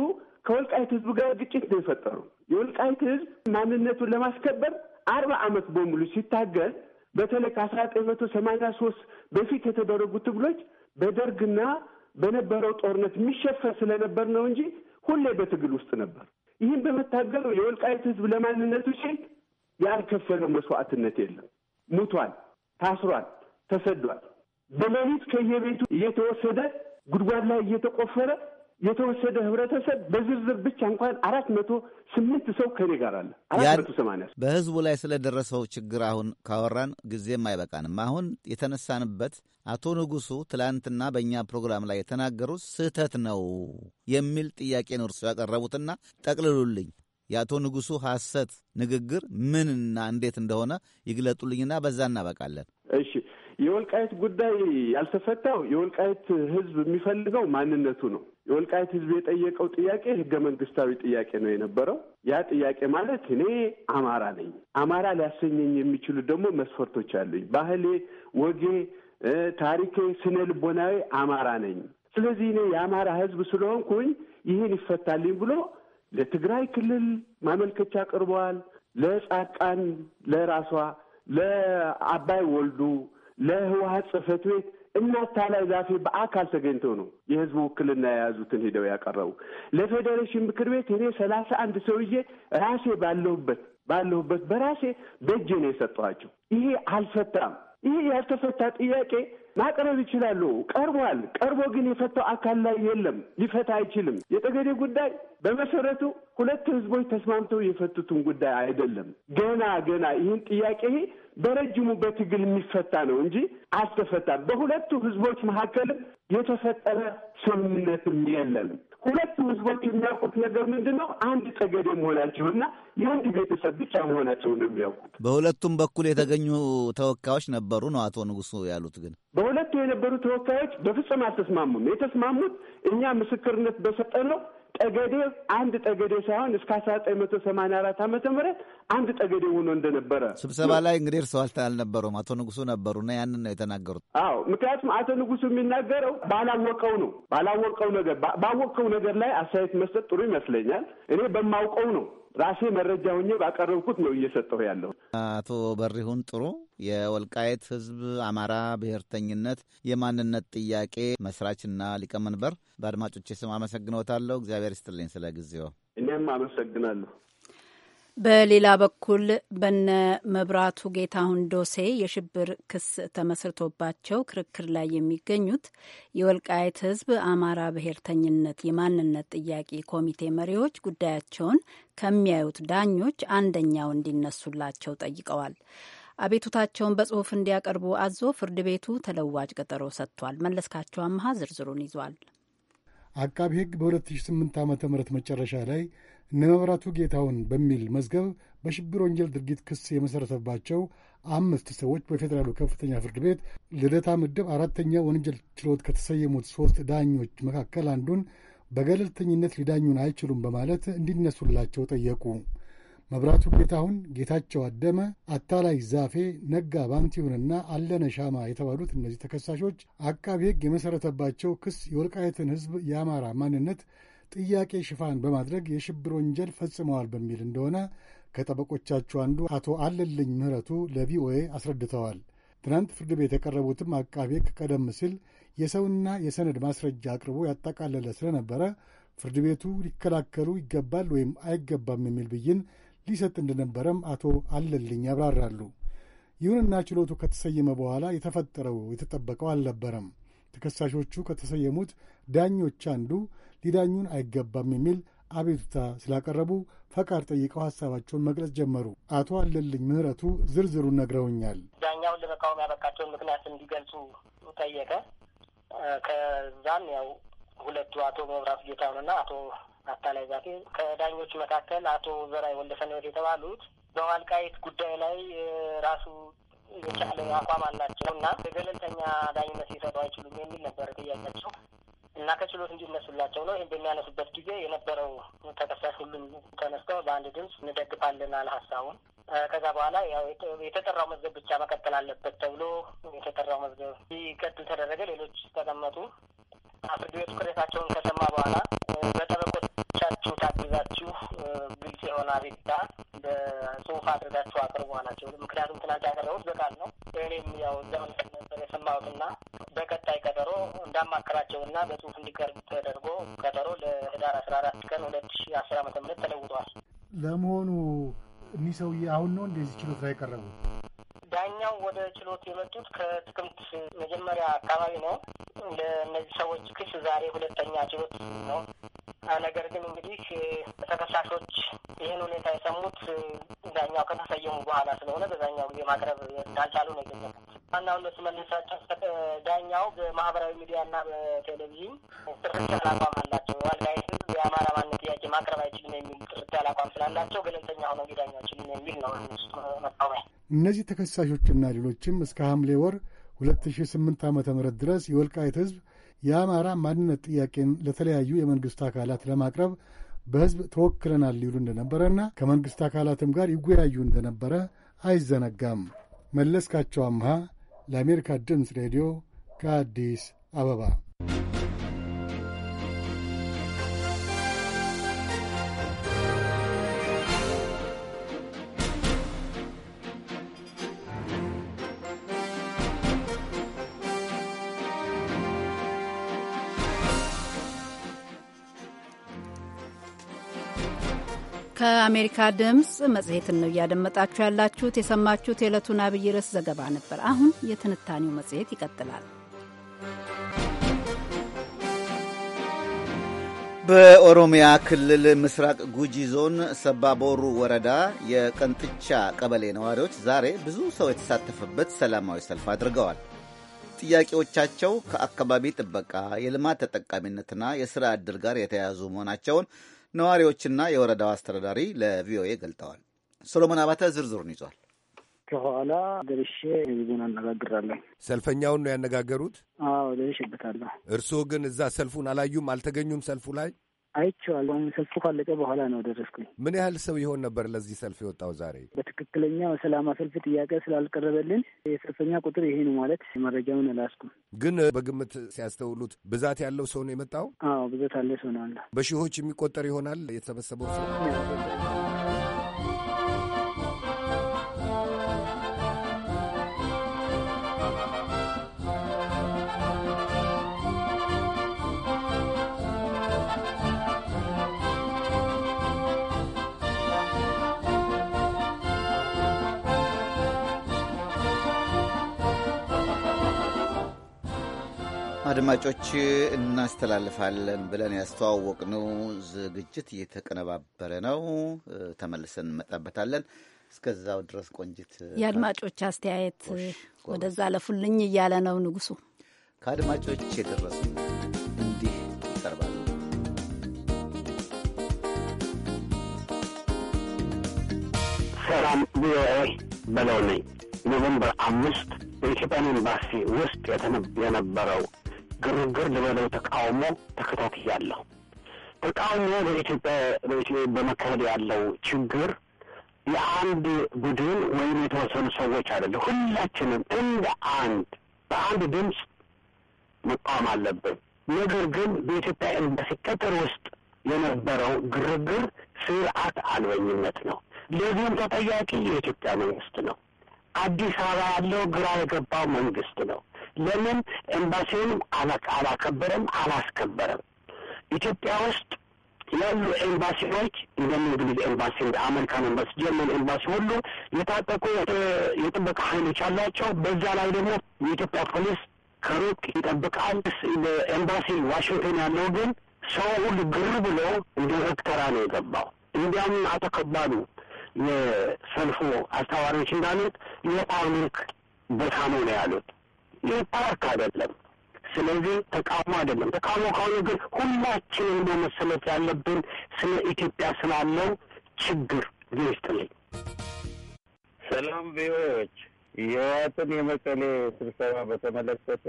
ከወልቃይት ህዝብ ጋር ግጭት ነው የፈጠሩ። የወልቃይት ህዝብ ማንነቱን ለማስከበር አርባ ዓመት በሙሉ ሲታገል በተለይ ከአስራ ዘጠኝ መቶ ሰማኒያ ሶስት በፊት የተደረጉ ትግሎች በደርግና በነበረው ጦርነት የሚሸፈን ስለነበር ነው እንጂ ሁሌ በትግል ውስጥ ነበር። ይህን በመታገሉ የወልቃይት ህዝብ ለማንነቱ ሲል ያልከፈለው መስዋዕትነት የለም። ሙቷል፣ ታስሯል፣ ተሰዷል። በሌሊት ከየቤቱ እየተወሰደ ጉድጓድ ላይ እየተቆፈረ የተወሰደ ህብረተሰብ በዝርዝር ብቻ እንኳን አራት መቶ ስምንት ሰው ከኔ ጋር አለ። አራት መቶ ሰማንያ በህዝቡ ላይ ስለደረሰው ችግር አሁን ካወራን ጊዜም አይበቃንም። አሁን የተነሳንበት አቶ ንጉሱ ትላንትና በእኛ ፕሮግራም ላይ የተናገሩት ስህተት ነው የሚል ጥያቄ ነው እርሱ ያቀረቡትና ጠቅልሉልኝ። የአቶ ንጉሱ ሐሰት ንግግር ምንና እንዴት እንደሆነ ይግለጡልኝና በዛ እናበቃለን። እሺ የወልቃየት ጉዳይ ያልተፈታው የወልቃየት ህዝብ የሚፈልገው ማንነቱ ነው። የወልቃይት ህዝብ የጠየቀው ጥያቄ ህገ መንግስታዊ ጥያቄ ነው የነበረው። ያ ጥያቄ ማለት እኔ አማራ ነኝ፣ አማራ ሊያሰኘኝ የሚችሉ ደግሞ መስፈርቶች አሉኝ። ባህሌ፣ ወጌ፣ ታሪኬ፣ ስነ ልቦናዊ አማራ ነኝ። ስለዚህ እኔ የአማራ ህዝብ ስለሆንኩኝ ይህን ይፈታልኝ ብሎ ለትግራይ ክልል ማመልከቻ አቅርበዋል። ለጻድቃን፣ ለራሷ፣ ለአባይ ወልዱ፣ ለህወሀት ጽህፈት ቤት እና ላይ ዛፌ በአካል ተገኝተው ነው የህዝቡ ውክልና የያዙትን ሄደው ያቀረቡ። ለፌዴሬሽን ምክር ቤት እኔ ሰላሳ አንድ ሰውዬ ራሴ ባለሁበት ባለሁበት በራሴ በእጄ ነው የሰጠኋቸው። ይሄ አልፈታም። ይሄ ያልተፈታ ጥያቄ ማቅረብ ይችላሉ። ቀርቧል። ቀርቦ ግን የፈታው አካል ላይ የለም። ሊፈታ አይችልም። የጠገዴ ጉዳይ በመሰረቱ ሁለት ህዝቦች ተስማምተው የፈቱትን ጉዳይ አይደለም። ገና ገና ይህን ጥያቄ በረጅሙ በትግል የሚፈታ ነው እንጂ አልተፈታም። በሁለቱ ህዝቦች መካከልም የተፈጠረ ስምምነትም የለም። ሁለቱ ህዝቦች የሚያውቁት ነገር ምንድን ነው? አንድ ጠገዴ መሆናቸው እና የአንድ ቤተሰብ ብቻ መሆናቸው ነው የሚያውቁት። በሁለቱም በኩል የተገኙ ተወካዮች ነበሩ ነው አቶ ንጉሱ ያሉት። ግን በሁለቱ የነበሩ ተወካዮች በፍጹም አልተስማሙም። የተስማሙት እኛ ምስክርነት በሰጠነው ጠገዴ አንድ ጠገዴ ሳይሆን እስከ አስራ ዘጠኝ መቶ ሰማንያ አራት ዓመተ ምህረት አንድ ጠገዴ ሆኖ እንደነበረ ስብሰባ ላይ እንግዲህ እርስዎ አልነበሩም፣ አቶ ንጉሱ ነበሩና ያንን ነው የተናገሩት። አዎ ምክንያቱም አቶ ንጉሱ የሚናገረው ባላወቀው ነው፣ ባላወቀው ነገር ባወቀው ነገር ላይ አስተያየት መስጠት ጥሩ ይመስለኛል። እኔ በማውቀው ነው ራሴ መረጃ ሆኜ ባቀረብኩት ነው እየሰጠሁ ያለሁ። አቶ በሪሁን ጥሩ የወልቃየት ህዝብ አማራ ብሔርተኝነት የማንነት ጥያቄ መስራችና ሊቀመንበር፣ በአድማጮች ስም አመሰግኖታለሁ። እግዚአብሔር ይስጥልኝ ስለ ጊዜው። እኔም አመሰግናለሁ። በሌላ በኩል በነ መብራቱ ጌታሁን ዶሴ የሽብር ክስ ተመስርቶባቸው ክርክር ላይ የሚገኙት የወልቃየት ሕዝብ አማራ ብሔርተኝነት የማንነት ጥያቄ ኮሚቴ መሪዎች ጉዳያቸውን ከሚያዩት ዳኞች አንደኛው እንዲነሱላቸው ጠይቀዋል። አቤቱታቸውን በጽሁፍ እንዲያቀርቡ አዞ ፍርድ ቤቱ ተለዋጭ ቀጠሮ ሰጥቷል። መለስካቸው አመሃ ዝርዝሩን ይዟል። አቃቢ ሕግ በ2008 ዓ ም መጨረሻ ላይ እነመብራቱ ጌታሁን በሚል መዝገብ በሽብር ወንጀል ድርጊት ክስ የመሠረተባቸው አምስት ሰዎች በፌዴራሉ ከፍተኛ ፍርድ ቤት ልደታ ምድብ አራተኛ ወንጀል ችሎት ከተሰየሙት ሦስት ዳኞች መካከል አንዱን በገለልተኝነት ሊዳኙን አይችሉም በማለት እንዲነሱላቸው ጠየቁ። መብራቱ ጌታሁን፣ ጌታቸው አደመ፣ አታላይ ዛፌ፣ ነጋ ባንቲሁንና አለነ ሻማ የተባሉት እነዚህ ተከሳሾች አቃቢ ሕግ የመሠረተባቸው ክስ የወልቃየትን ሕዝብ የአማራ ማንነት ጥያቄ ሽፋን በማድረግ የሽብር ወንጀል ፈጽመዋል በሚል እንደሆነ ከጠበቆቻቸው አንዱ አቶ አለልኝ ምህረቱ ለቪኦኤ አስረድተዋል። ትናንት ፍርድ ቤት የቀረቡትም አቃቤ ሕግ ቀደም ሲል የሰውና የሰነድ ማስረጃ አቅርቦ ያጠቃለለ ስለነበረ ፍርድ ቤቱ ሊከላከሉ ይገባል ወይም አይገባም የሚል ብይን ሊሰጥ እንደነበረም አቶ አለልኝ ያብራራሉ። ይሁንና ችሎቱ ከተሰየመ በኋላ የተፈጠረው የተጠበቀው አልነበረም። ተከሳሾቹ ከተሰየሙት ዳኞች አንዱ ሊዳኙን አይገባም የሚል አቤቱታ ስላቀረቡ ፈቃድ ጠይቀው ሀሳባቸውን መግለጽ ጀመሩ። አቶ አለልኝ ምህረቱ ዝርዝሩን ነግረውኛል። ዳኛውን ለመቃወም ያበቃቸውን ምክንያት እንዲገልጹ ጠየቀ። ከዛም ያው ሁለቱ አቶ መብራት ጌታሁንና አቶ አታላይ ዛቴ ከዳኞች መካከል አቶ ዘራይ ወልደሰነት የተባሉት በዋልቃይት ጉዳይ ላይ ራሱ የቻለ አቋም አላቸው እና በገለልተኛ ዳኝነት ሊሰጡ አይችሉም የሚል ነበር ጥያቄያቸው። እና ከችሎት እንዲነሱላቸው ነው። ይህን በሚያነሱበት ጊዜ የነበረው ተከሳሽ ሁሉም ተነስተው በአንድ ድምፅ እንደግፋለን አለ ሀሳቡን። ከዛ በኋላ ያው የተጠራው መዝገብ ብቻ መቀጠል አለበት ተብሎ የተጠራው መዝገብ ይቀጥል ተደረገ። ሌሎች ተቀመጡ። ፍርድ ቤቱ ቅሬታቸውን ከሰማ በኋላ በጠበቆቻቸው ታግዛ ጽሁፍ ግልጽ የሆነ አቤቱታ በጽሁፍ አድርጋችሁ አቅርቧ ናቸው። ምክንያቱም ትናንት ያቀረቡት በቃል ነው። እኔም ያው እዛው ነበር የሰማሁትና በቀጣይ ቀጠሮ እንዳማከራቸውና በጽሁፍ እንዲቀርብ ተደርጎ ቀጠሮ ለህዳር አስራ አራት ቀን ሁለት ሺ አስር አመተ ምህረት ተለውጧል። ለመሆኑ እኒህ ሰውዬ አሁን ነው እንደዚህ ችሎት ላይ የቀረቡት? ዳኛው ወደ ችሎት የመጡት ከጥቅምት መጀመሪያ አካባቢ ነው። ለእነዚህ ሰዎች ክስ ዛሬ ሁለተኛ ችሎት ነው። ነገር ግን እንግዲህ ተከሳሾች ይህን ሁኔታ የሰሙት ዳኛው ከተሰየሙ በኋላ ስለሆነ በዛኛው ጊዜ ማቅረብ እንዳልቻሉ ነው የገለጹት። ዋናው እነሱ መለሳቸው ዳኛው በማህበራዊ ሚዲያና በቴሌቪዥን ጥርት ያለ አቋም አላቸው። ወልቃይት ህዝብ የአማራ ማንነት ጥያቄ ማቅረብ አይችልም የሚል ጥርት ያለ አቋም ስላላቸው ገለልተኛ ሆነው ዳኛዎችን የሚል ነው እነሱ መቃወሚያ። እነዚህ ተከሳሾችና ሌሎችም እስከ ሐምሌ ወር ሁለት ሺህ ስምንት ዓመተ ምህረት ድረስ የወልቃይት ህዝብ የአማራ ማንነት ጥያቄን ለተለያዩ የመንግሥት አካላት ለማቅረብ በህዝብ ተወክለናል እንደነበረ እንደነበረና ከመንግሥት አካላትም ጋር ይወያዩ እንደነበረ አይዘነጋም። መለስካቸው አምሃ ለአሜሪካ ድምፅ ሬዲዮ ከአዲስ አበባ ከአሜሪካ ድምፅ መጽሔትን ነው እያደመጣችሁ ያላችሁት። የሰማችሁት የዕለቱን አብይ ርዕስ ዘገባ ነበር። አሁን የትንታኔው መጽሔት ይቀጥላል። በኦሮሚያ ክልል ምስራቅ ጉጂ ዞን ሰባቦሩ ወረዳ የቀንጥቻ ቀበሌ ነዋሪዎች ዛሬ ብዙ ሰው የተሳተፈበት ሰላማዊ ሰልፍ አድርገዋል። ጥያቄዎቻቸው ከአካባቢ ጥበቃ፣ የልማት ተጠቃሚነትና የሥራ ዕድል ጋር የተያያዙ መሆናቸውን ነዋሪዎችና የወረዳው አስተዳዳሪ ለቪኦኤ ገልጠዋል። ሶሎሞን አባተ ዝርዝሩን ይዟል። ከኋላ ደርሼ ህዝቡን አነጋግራለሁ። ሰልፈኛውን ነው ያነጋገሩት? አዎ ደርሼበታለሁ። እርስዎ ግን እዛ ሰልፉን አላዩም? አልተገኙም ሰልፉ ላይ? አይቼዋለሁ። ሰልፉ ካለቀ በኋላ ነው ደረስኩኝ። ምን ያህል ሰው ይሆን ነበር ለዚህ ሰልፍ የወጣው? ዛሬ በትክክለኛ ሰላማ ሰልፍ ጥያቄ ስላልቀረበልን የሰልፈኛ ቁጥር ይሄ ነው ማለት መረጃውን አላስኩም፣ ግን በግምት ሲያስተውሉት ብዛት ያለው ሰው ነው የመጣው። አዎ ብዛት ያለ ሰው ነው አለ። በሺዎች የሚቆጠር ይሆናል የተሰበሰበው ሰው አድማጮች እናስተላልፋለን ብለን ያስተዋወቅነው ዝግጅት እየተቀነባበረ ነው። ተመልሰን እንመጣበታለን። እስከዛው ድረስ ቆንጅት፣ የአድማጮች አስተያየት ወደዛ ለፉልኝ እያለ ነው ንጉሱ። ከአድማጮች የደረሱ እንዲህ ይቀርባሉ። ሰላም ቪኦኤ በለው ነኝ ኖቨምበር አምስት በኢትዮጵያን ኤምባሲ ውስጥ የነበረው ግርግር ልበለው ተቃውሞ ተከታትያለሁ። ተቃውሞ በኢትዮጵያ በመካሄድ ያለው ችግር የአንድ ቡድን ወይም የተወሰኑ ሰዎች አይደለም። ሁላችንም እንደ አንድ በአንድ ድምፅ መቃወም አለብን። ነገር ግን በኢትዮጵያ ኤምባሲ ቅጥር ውስጥ የነበረው ግርግር ስርዓት አልበኝነት ነው። ለዚህም ተጠያቂ የኢትዮጵያ መንግስት ነው። አዲስ አበባ ያለው ግራ የገባው መንግስት ነው። ለምን ኤምባሲውንም አላከበረም አላስከበረም? ኢትዮጵያ ውስጥ ያሉ ኤምባሲዎች እንደ እንግሊዝ ኤምባሲ፣ እንደ አሜሪካን ኤምባሲ፣ ጀርመን ኤምባሲ ሁሉ የታጠቁ የጥበቃ ኃይሎች አሏቸው። በዛ ላይ ደግሞ የኢትዮጵያ ፖሊስ ከሩቅ ይጠብቃል። ኤምባሲ ዋሽንግተን ያለው ግን ሰው ሁሉ ግር ብሎ እንደ ረክተራ ነው የገባው። እንዲያም አቶ ከባዱ የሰልፉ አስተዋሪዎች እንዳሉት የፓብሊክ ቦታ ነው ነው ያሉት ይህ ፓርክ አይደለም። ስለዚህ ተቃውሞ አይደለም። ተቃውሞ ከሆነ ግን ሁላችንም በመሰለት ያለብን ስለ ኢትዮጵያ ስላለው ችግር ይስጥልኝ። ሰላም ቪዎች የህወሓትን የመቀሌ ስብሰባ በተመለከተ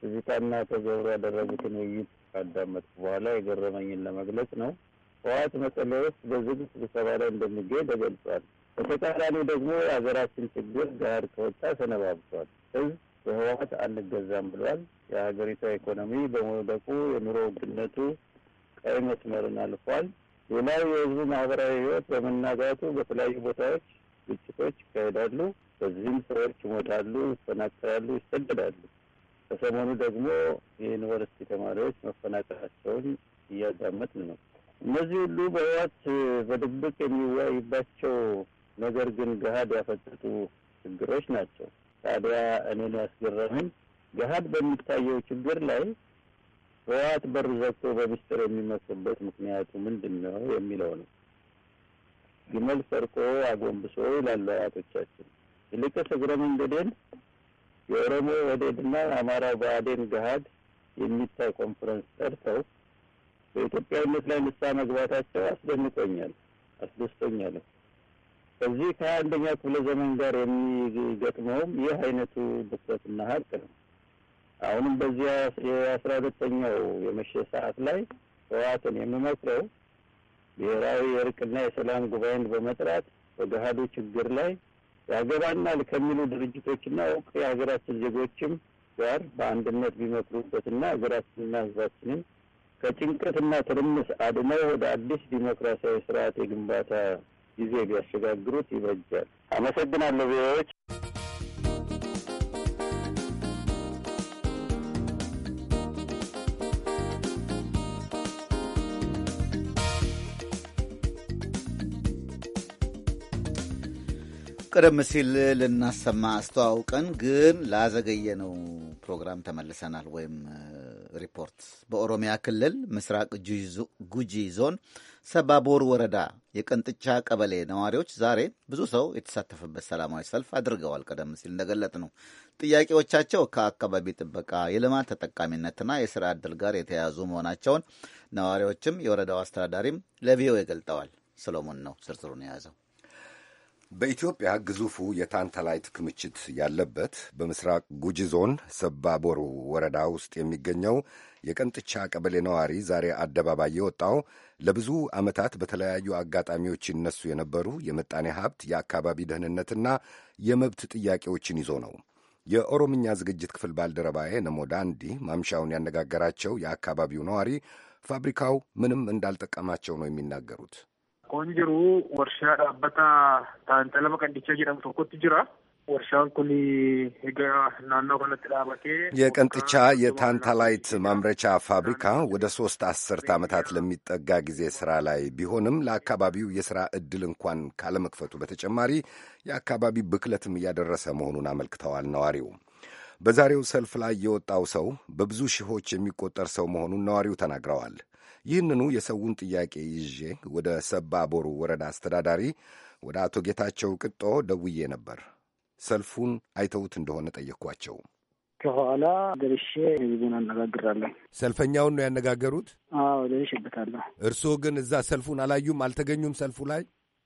ትዝታና ተዘብሮ ያደረጉትን ውይይት ካዳመጥኩ በኋላ የገረመኝን ለመግለጽ ነው። ህወሓት መቀሌ ውስጥ በዝግ ስብሰባ ላይ እንደሚገኝ ተገልጿል። በተቃራኒ ደግሞ የሀገራችን ችግር ጋር ከወጣ ሰነባብቷል። ህዝብ በህወሀት አንገዛም ብሏል። የሀገሪቷ ኢኮኖሚ በመውደቁ የኑሮ ውድነቱ ቀይ መስመርን አልፏል። ሌላው የህዝቡ ማህበራዊ ህይወት በመናጋቱ በተለያዩ ቦታዎች ግጭቶች ይካሄዳሉ። በዚህም ሰዎች ይሞታሉ፣ ይፈናቀላሉ፣ ይሰደዳሉ። በሰሞኑ ደግሞ የዩኒቨርሲቲ ተማሪዎች መፈናቀላቸውን እያዳመጥን ነው። እነዚህ ሁሉ በህወሓት በድብቅ የሚወያይባቸው ነገር ግን ገሀድ ያፈጠጡ ችግሮች ናቸው። ታዲያ እኔን ያስገረመኝ ገሀድ በሚታየው ችግር ላይ ህወሓት በር ዘግቶ በምስጢር የሚመስልበት ምክንያቱ ምንድን ነው የሚለው ነው። ግመል ሰርቆ አጎንብሶ ይላሉ አያቶቻችን። ይልቅስ እግረ መንገዴን የኦሮሞ ወዴድና አማራ ብአዴን ገሀድ የሚታይ ኮንፈረንስ ጠርተው በኢትዮጵያዊነት ላይ ንሳ መግባታቸው አስደንቆኛል፣ አስደስቶኛል። ከዚህ ከአንደኛ ክፍለ ዘመን ጋር የሚገጥመውም ይህ አይነቱ ድፍረትና ሀቅ ነው። አሁንም በዚያ የአስራ ሁለተኛው የመሸ ሰዓት ላይ ህወሓትን የምመክረው ብሔራዊ የእርቅና የሰላም ጉባኤን በመጥራት በገሃዱ ችግር ላይ ያገባናል ከሚሉ ድርጅቶችና እውቅ የሀገራችን ዜጎችም ጋር በአንድነት ቢመክሩበትና ሀገራችንና ህዝባችንን ከጭንቀትና ትርምስ አድነው ወደ አዲስ ዲሞክራሲያዊ ስርዓት የግንባታ ጊዜ ቢያሸጋግሩት ይበጃል። አመሰግናለሁ። ቪዎች ቀደም ሲል ልናሰማ አስተዋውቀን ግን ላዘገየነው ፕሮግራም ተመልሰናል። ወይም ሪፖርት በኦሮሚያ ክልል ምስራቅ ጉጂ ዞን ሰባቦር ወረዳ የቀንጥቻ ቀበሌ ነዋሪዎች ዛሬ ብዙ ሰው የተሳተፈበት ሰላማዊ ሰልፍ አድርገዋል። ቀደም ሲል እንደገለጥ ነው ጥያቄዎቻቸው ከአካባቢ ጥበቃ፣ የልማት ተጠቃሚነትና የስራ ዕድል ጋር የተያያዙ መሆናቸውን ነዋሪዎችም የወረዳው አስተዳዳሪም ለቪኦኤ ገልጠዋል። ሰሎሞን ነው ዝርዝሩን የያዘው። በኢትዮጵያ ግዙፉ የታንታላይት ክምችት ያለበት በምስራቅ ጉጂ ዞን ሰባቦሩ ወረዳ ውስጥ የሚገኘው የቀንጥቻ ቀበሌ ነዋሪ ዛሬ አደባባይ የወጣው ለብዙ ዓመታት በተለያዩ አጋጣሚዎች ይነሱ የነበሩ የምጣኔ ሀብት፣ የአካባቢ ደህንነትና የመብት ጥያቄዎችን ይዞ ነው። የኦሮምኛ ዝግጅት ክፍል ባልደረባዬ ነሞዳ እንዲህ ማምሻውን ያነጋገራቸው የአካባቢው ነዋሪ ፋብሪካው ምንም እንዳልጠቀማቸው ነው የሚናገሩት። Rakkoon jiru warshaa dhaabbata taantalama qandichaa jedhamu tokkotti jira. warshaan kun egaa naannoo kanatti dhaabatee የቀንጥቻ የታንታላይት ማምረቻ ፋብሪካ ወደ ሶስት አስርት ዓመታት ለሚጠጋ ጊዜ ስራ ላይ ቢሆንም ለአካባቢው የስራ እድል እንኳን ካለመክፈቱ በተጨማሪ የአካባቢ ብክለትም እያደረሰ መሆኑን አመልክተዋል ነዋሪው። በዛሬው ሰልፍ ላይ የወጣው ሰው በብዙ ሺዎች የሚቆጠር ሰው መሆኑን ነዋሪው ተናግረዋል። ይህንኑ የሰውን ጥያቄ ይዤ ወደ ሰባ ቦሩ ወረዳ አስተዳዳሪ ወደ አቶ ጌታቸው ቅጦ ደውዬ ነበር። ሰልፉን አይተውት እንደሆነ ጠየኳቸው። ከኋላ ደርሼ ህዝቡን አነጋግራለሁ። ሰልፈኛውን ነው ያነጋገሩት? አዎ ደርሼበታለሁ። እርስዎ ግን እዛ ሰልፉን አላዩም? አልተገኙም ሰልፉ ላይ?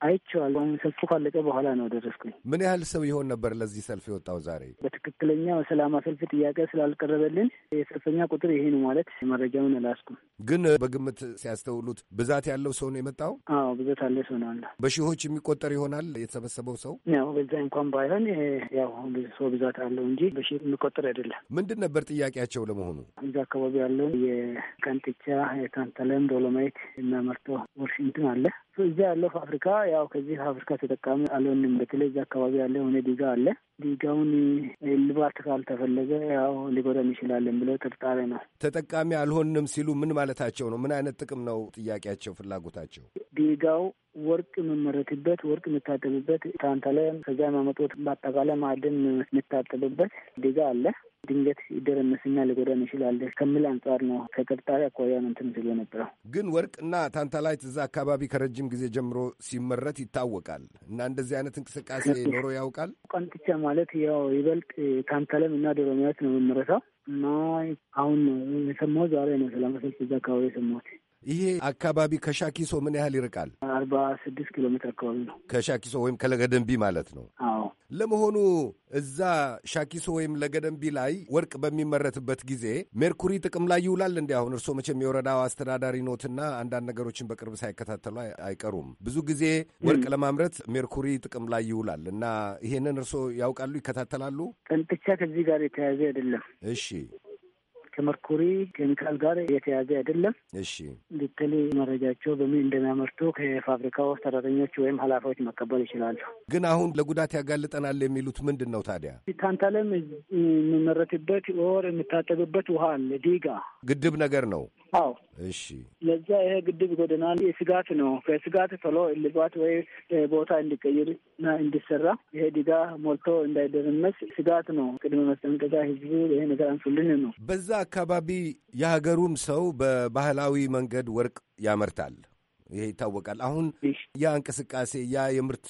አይቼዋለሁ። ሰልፉ ካለቀ በኋላ ነው ደረስኩኝ። ምን ያህል ሰው ይሆን ነበር ለዚህ ሰልፍ የወጣው? ዛሬ በትክክለኛ ሰላማ ሰልፍ ጥያቄ ስላልቀረበልን የሰልፈኛ ቁጥር ይሄ ነው ማለት መረጃውን አላስኩም፣ ግን በግምት ሲያስተውሉት ብዛት ያለው ሰው ነው የመጣው። አዎ ብዛት ያለ ሰው ነው አለ። በሺዎች የሚቆጠር ይሆናል የተሰበሰበው ሰው። ያው በዛ እንኳን ባይሆን ያው ሰው ብዛት አለው እንጂ በሺ የሚቆጠር አይደለም። ምንድን ነበር ጥያቄያቸው ለመሆኑ? እዚ አካባቢ ያለውን የቀንጥቻ የታንታለም ዶሎማይት የሚያመርተው ወርሽንትን አለ እዚያ ያለው ፋብሪካ ያው ከዚህ ፋብሪካ ተጠቃሚ አልሆንም። በተለይ እዚያ አካባቢ ያለ ሆነ ዲጋ አለ ሊጋውን ልባት ካልተፈለገ ያው ሊጎዳን ይችላለን ብለው ጥርጣሪ ነው። ተጠቃሚ አልሆንም ሲሉ ምን ማለታቸው ነው? ምን አይነት ጥቅም ነው ጥያቄያቸው፣ ፍላጎታቸው? ዲጋው ወርቅ የምመረትበት ወርቅ የምታጠብበት ታንታለም፣ ከዚያ ማመጦት በአጠቃላይ ማዕድን የምታጠብበት ዲጋ አለ። ድንገት ይደረመስና ሊጎዳን ይችላል ከሚል አንጻር ነው። ከጥርጣሬ አኳያ ነው እንትን ስል ነበረው። ግን ወርቅና ታንታላይት እዛ አካባቢ ከረጅም ጊዜ ጀምሮ ሲመረት ይታወቃል እና እንደዚህ አይነት እንቅስቃሴ ኖሮ ያውቃል ቀንጥቻ ማለት ያው ይበልጥ ታንተለም እና ደሮሚያት ነው የምመረታው እና አሁን የሰማው ዛሬ ነው ሰላማዊ ሰልፍ እዛ አካባቢ የሰማት ይሄ አካባቢ ከሻኪሶ ምን ያህል ይርቃል? አርባ ስድስት ኪሎ ሜትር አካባቢ ነው ከሻኪሶ ወይም ከለገደንቢ ማለት ነው። አዎ። ለመሆኑ እዛ ሻኪሶ ወይም ለገደንቢ ላይ ወርቅ በሚመረትበት ጊዜ ሜርኩሪ ጥቅም ላይ ይውላል? እንዲ አሁን እርስዎ መቼም የወረዳው አስተዳዳሪ ኖትና አንዳንድ ነገሮችን በቅርብ ሳይከታተሉ አይቀሩም። ብዙ ጊዜ ወርቅ ለማምረት ሜርኩሪ ጥቅም ላይ ይውላል እና ይሄንን እርስዎ ያውቃሉ፣ ይከታተላሉ? ጥንትቻ ከዚህ ጋር የተያያዘ አይደለም። እሺ ከመርኩሪ ኬሚካል ጋር የተያዘ አይደለም። እሺ ልትል መረጃቸው በምን እንደሚያመርቱ ከፋብሪካው ሰራተኞች ወይም ኃላፊዎች መቀበል ይችላሉ። ግን አሁን ለጉዳት ያጋልጠናል የሚሉት ምንድን ነው ታዲያ? ታንታለም የሚመረትበት ወር የሚታጠብበት ውሃ አለ። ዲጋ ግድብ ነገር ነው። አዎ እሺ። ለዛ ይሄ ግድብ ጎደናል ስጋት ነው። ከስጋት ቶሎ እልባት ወይ ቦታ እንዲቀይር እና እንዲሰራ ይሄ ዲጋ ሞልቶ እንዳይደረመስ ስጋት ነው። ቅድመ መስጠንቀቂያ ህዝቡ ይሄ ነገር አንሱልን ነው። በዛ አካባቢ የሀገሩም ሰው በባህላዊ መንገድ ወርቅ ያመርታል። ይሄ ይታወቃል። አሁን ያ እንቅስቃሴ ያ የምርት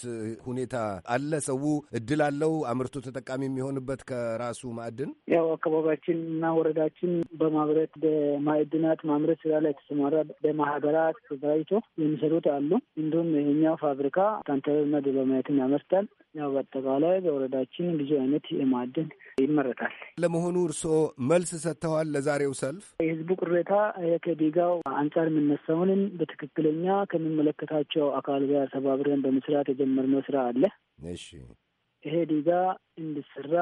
ሁኔታ አለ። ሰው እድል አለው አምርቶ ተጠቃሚ የሚሆንበት ከራሱ ማዕድን። ያው አካባቢያችን እና ወረዳችን በማምረት በማዕድናት ማምረት ስራ ላይ የተሰማራ በማህበራት ተደራጅቶ የሚሰሩት አሉ። እንዲሁም ይሄኛው ፋብሪካ ታንተበመድ ዶሎማይትን ያመርታል። ያው በአጠቃላይ በወረዳችን ብዙ አይነት የማዕድን ይመረጣል። ለመሆኑ እርስዎ መልስ ሰጥተዋል ለዛሬው ሰልፍ? የህዝቡ ቅሬታ ከዲጋው አንጻር የምነሳውንም በትክክለኛ ከሚመለከታቸው አካል ጋር ተባብረን በመስራት የጀመርነው ስራ አለ። እሺ ይሄ ዲጋ እንድሰራ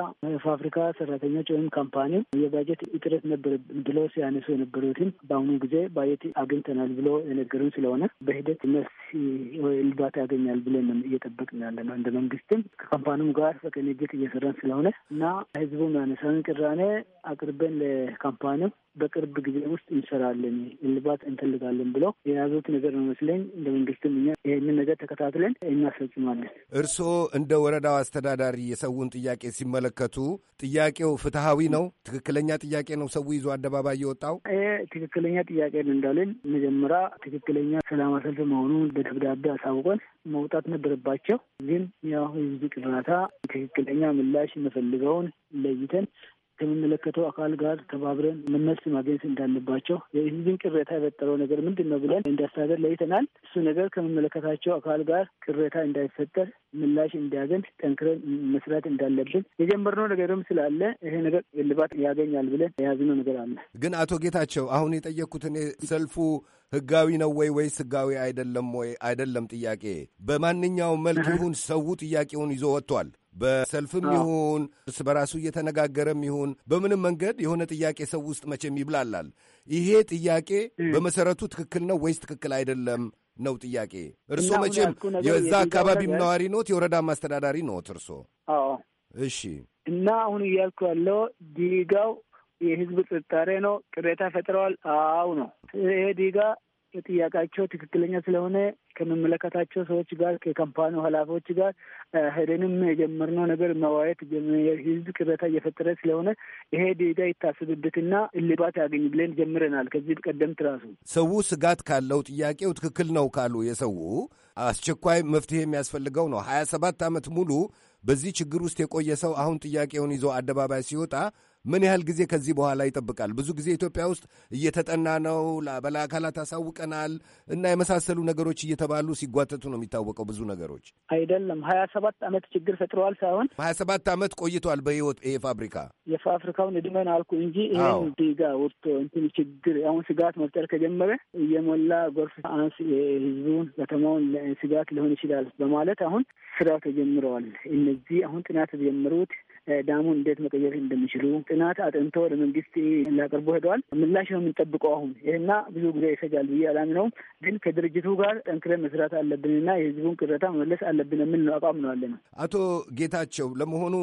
ፋብሪካ ሰራተኞች ወይም ካምፓኒ የባጀት እጥረት ነበር ብሎ ሲያነሱ የነበሩትን በአሁኑ ጊዜ ባጀት አግኝተናል ብሎ የነገሩን ስለሆነ በሂደት መልስ ልባት ያገኛል ብለን እየጠበቅ ያለ ነው። እንደ መንግስትም ከካምፓኒም ጋር በቅንጅት እየሰራን ስለሆነ እና ህዝቡ ያነሳን ቅራኔ አቅርበን ለካምፓኒው በቅርብ ጊዜ ውስጥ እንሰራለን፣ እልባት እንፈልጋለን ብሎ የያዙት ነገር ነው መስለኝ። እንደ መንግስትም እኛ ይህንን ነገር ተከታትለን እናስፈጽማለን። እርስዎ እንደ ወረዳው አስተዳዳሪ የሰውን ጥያቄ ሲመለከቱ ጥያቄው ፍትሐዊ ነው፣ ትክክለኛ ጥያቄ ነው፣ ሰው ይዞ አደባባይ የወጣው ይሄ ትክክለኛ ጥያቄ እንዳለን መጀመሪያ ትክክለኛ ሰላማ ሰልፍ መሆኑን በደብዳቤ አሳውቀን መውጣት ነበረባቸው። ግን ያው ህዝብ ቅራታ ትክክለኛ ምላሽ የምፈልገውን ለይተን ከሚመለከተው አካል ጋር ተባብረን መመልስ ማግኘት እንዳለባቸው የህዝብን ቅሬታ የፈጠረው ነገር ምንድን ነው ብለን እንዳስተዳደር ለይተናል። እሱ ነገር ከሚመለከታቸው አካል ጋር ቅሬታ እንዳይፈጠር ምላሽ እንዲያገኝ ጠንክረን መስራት እንዳለብን የጀመርነው ነገርም ስላለ ይሄ ነገር እልባት ያገኛል ብለን የያዝነው ነገር አለ። ግን አቶ ጌታቸው አሁን የጠየቅኩት እኔ ሰልፉ ህጋዊ ነው ወይ ወይስ ህጋዊ አይደለም ወይ አይደለም ጥያቄ በማንኛውም መልክ ይሁን ሰው ጥያቄውን ይዞ ወጥቷል። በሰልፍም ይሁን እርስ በራሱ እየተነጋገረም ይሁን በምንም መንገድ የሆነ ጥያቄ ሰው ውስጥ መቼም ይብላላል። ይሄ ጥያቄ በመሰረቱ ትክክል ነው ወይስ ትክክል አይደለም ነው ጥያቄ። እርሶ መቼም የዛ አካባቢም ነዋሪ ኖት፣ የወረዳም አስተዳዳሪ ኖት እርሶ። እሺ። እና አሁን እያልኩ ያለው ዲጋው የህዝብ ጥርጣሬ ነው። ቅሬታ ፈጥረዋል። አዎ ነው። ይሄ ዲጋ ጥያቄያቸው ትክክለኛ ስለሆነ ከመመለከታቸው ሰዎች ጋር ከካምፓኒ ኃላፊዎች ጋር ሄደንም የጀመርነው ነገር መዋየት የህዝብ ቅሬታ እየፈጠረ ስለሆነ ይሄ ዴጋ ይታሰብበትና እልባት ያገኝ ብለን ጀምረናል። ከዚህ ቀደም ትራሱ ሰው ስጋት ካለው ጥያቄው ትክክል ነው ካሉ የሰው አስቸኳይ መፍትሄ የሚያስፈልገው ነው። ሀያ ሰባት ዓመት ሙሉ በዚህ ችግር ውስጥ የቆየ ሰው አሁን ጥያቄውን ይዞ አደባባይ ሲወጣ ምን ያህል ጊዜ ከዚህ በኋላ ይጠብቃል? ብዙ ጊዜ ኢትዮጵያ ውስጥ እየተጠና ነው፣ አካላት አሳውቀናል እና የመሳሰሉ ነገሮች እየተባሉ ሲጓተቱ ነው የሚታወቀው። ብዙ ነገሮች አይደለም ሀያ ሰባት ዓመት ችግር ፈጥረዋል ሳይሆን ሀያ ሰባት ዓመት ቆይቷል በህይወት ይሄ ፋብሪካ የፋብሪካውን እድሜን አልኩ እንጂ ይህን ዲጋ ወጥቶ እንትን ችግር አሁን ስጋት መፍጠር ከጀመረ እየሞላ ጎርፍ አንስ ህዝቡን ከተማውን ስጋት ሊሆን ይችላል በማለት አሁን ስራ ተጀምረዋል። እነዚህ አሁን ጥናት ተጀምሩት ዳሙን እንዴት መቀየር እንደሚችሉ ጥናት አጥንቶ ለመንግስት ላቀርቡ ሄደዋል። ምላሽ ነው የምንጠብቀው። አሁን ይህና ብዙ ጊዜ ይፈጃል ብዬ ነው፣ ግን ከድርጅቱ ጋር ጠንክረን መስራት አለብንና የህዝቡን ቅሬታ መመለስ አለብን የምል ነው አቋም ነው ነው። አቶ ጌታቸው፣ ለመሆኑ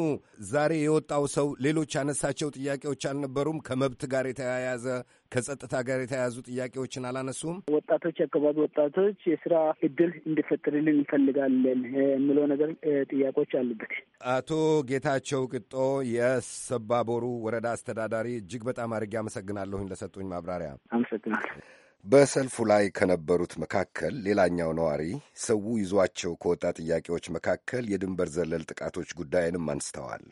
ዛሬ የወጣው ሰው ሌሎች ያነሳቸው ጥያቄዎች አልነበሩም? ከመብት ጋር የተያያዘ ከጸጥታ ጋር የተያያዙ ጥያቄዎችን አላነሱም? ወጣቶች አካባቢ ወጣቶች የስራ እድል እንዲፈጥርልን እንፈልጋለን የምለው ነገር ጥያቄዎች አሉበት። አቶ ጌታቸው ቅጦ የሰባቦሩ ወረዳ አስተዳዳሪ፣ እጅግ በጣም አድርጌ አመሰግናለሁኝ ለሰጡኝ ማብራሪያ አመሰግናለሁ። በሰልፉ ላይ ከነበሩት መካከል ሌላኛው ነዋሪ ሰው ይዟቸው ከወጣ ጥያቄዎች መካከል የድንበር ዘለል ጥቃቶች ጉዳይንም አንስተዋል።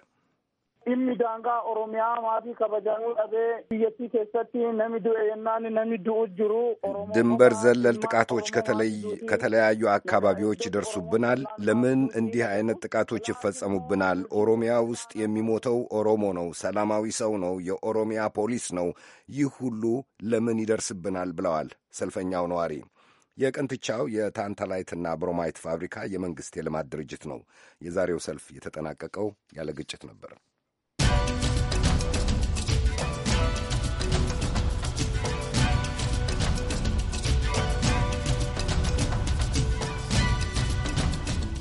dhimmi daangaa oromiyaa maatii kabajamuu dhabee biyyattii keessatti namni du'e yennaan namni du'u jiru ድንበር ዘለል ጥቃቶች ከተለያዩ አካባቢዎች ይደርሱብናል። ለምን እንዲህ አይነት ጥቃቶች ይፈጸሙብናል? ኦሮሚያ ውስጥ የሚሞተው ኦሮሞ ነው፣ ሰላማዊ ሰው ነው፣ የኦሮሚያ ፖሊስ ነው። ይህ ሁሉ ለምን ይደርስብናል? ብለዋል ሰልፈኛው ነዋሪ። የቀንትቻው የታንታላይትና ብሮማይት ፋብሪካ የመንግሥት የልማት ድርጅት ነው። የዛሬው ሰልፍ የተጠናቀቀው ያለ ግጭት ነበር።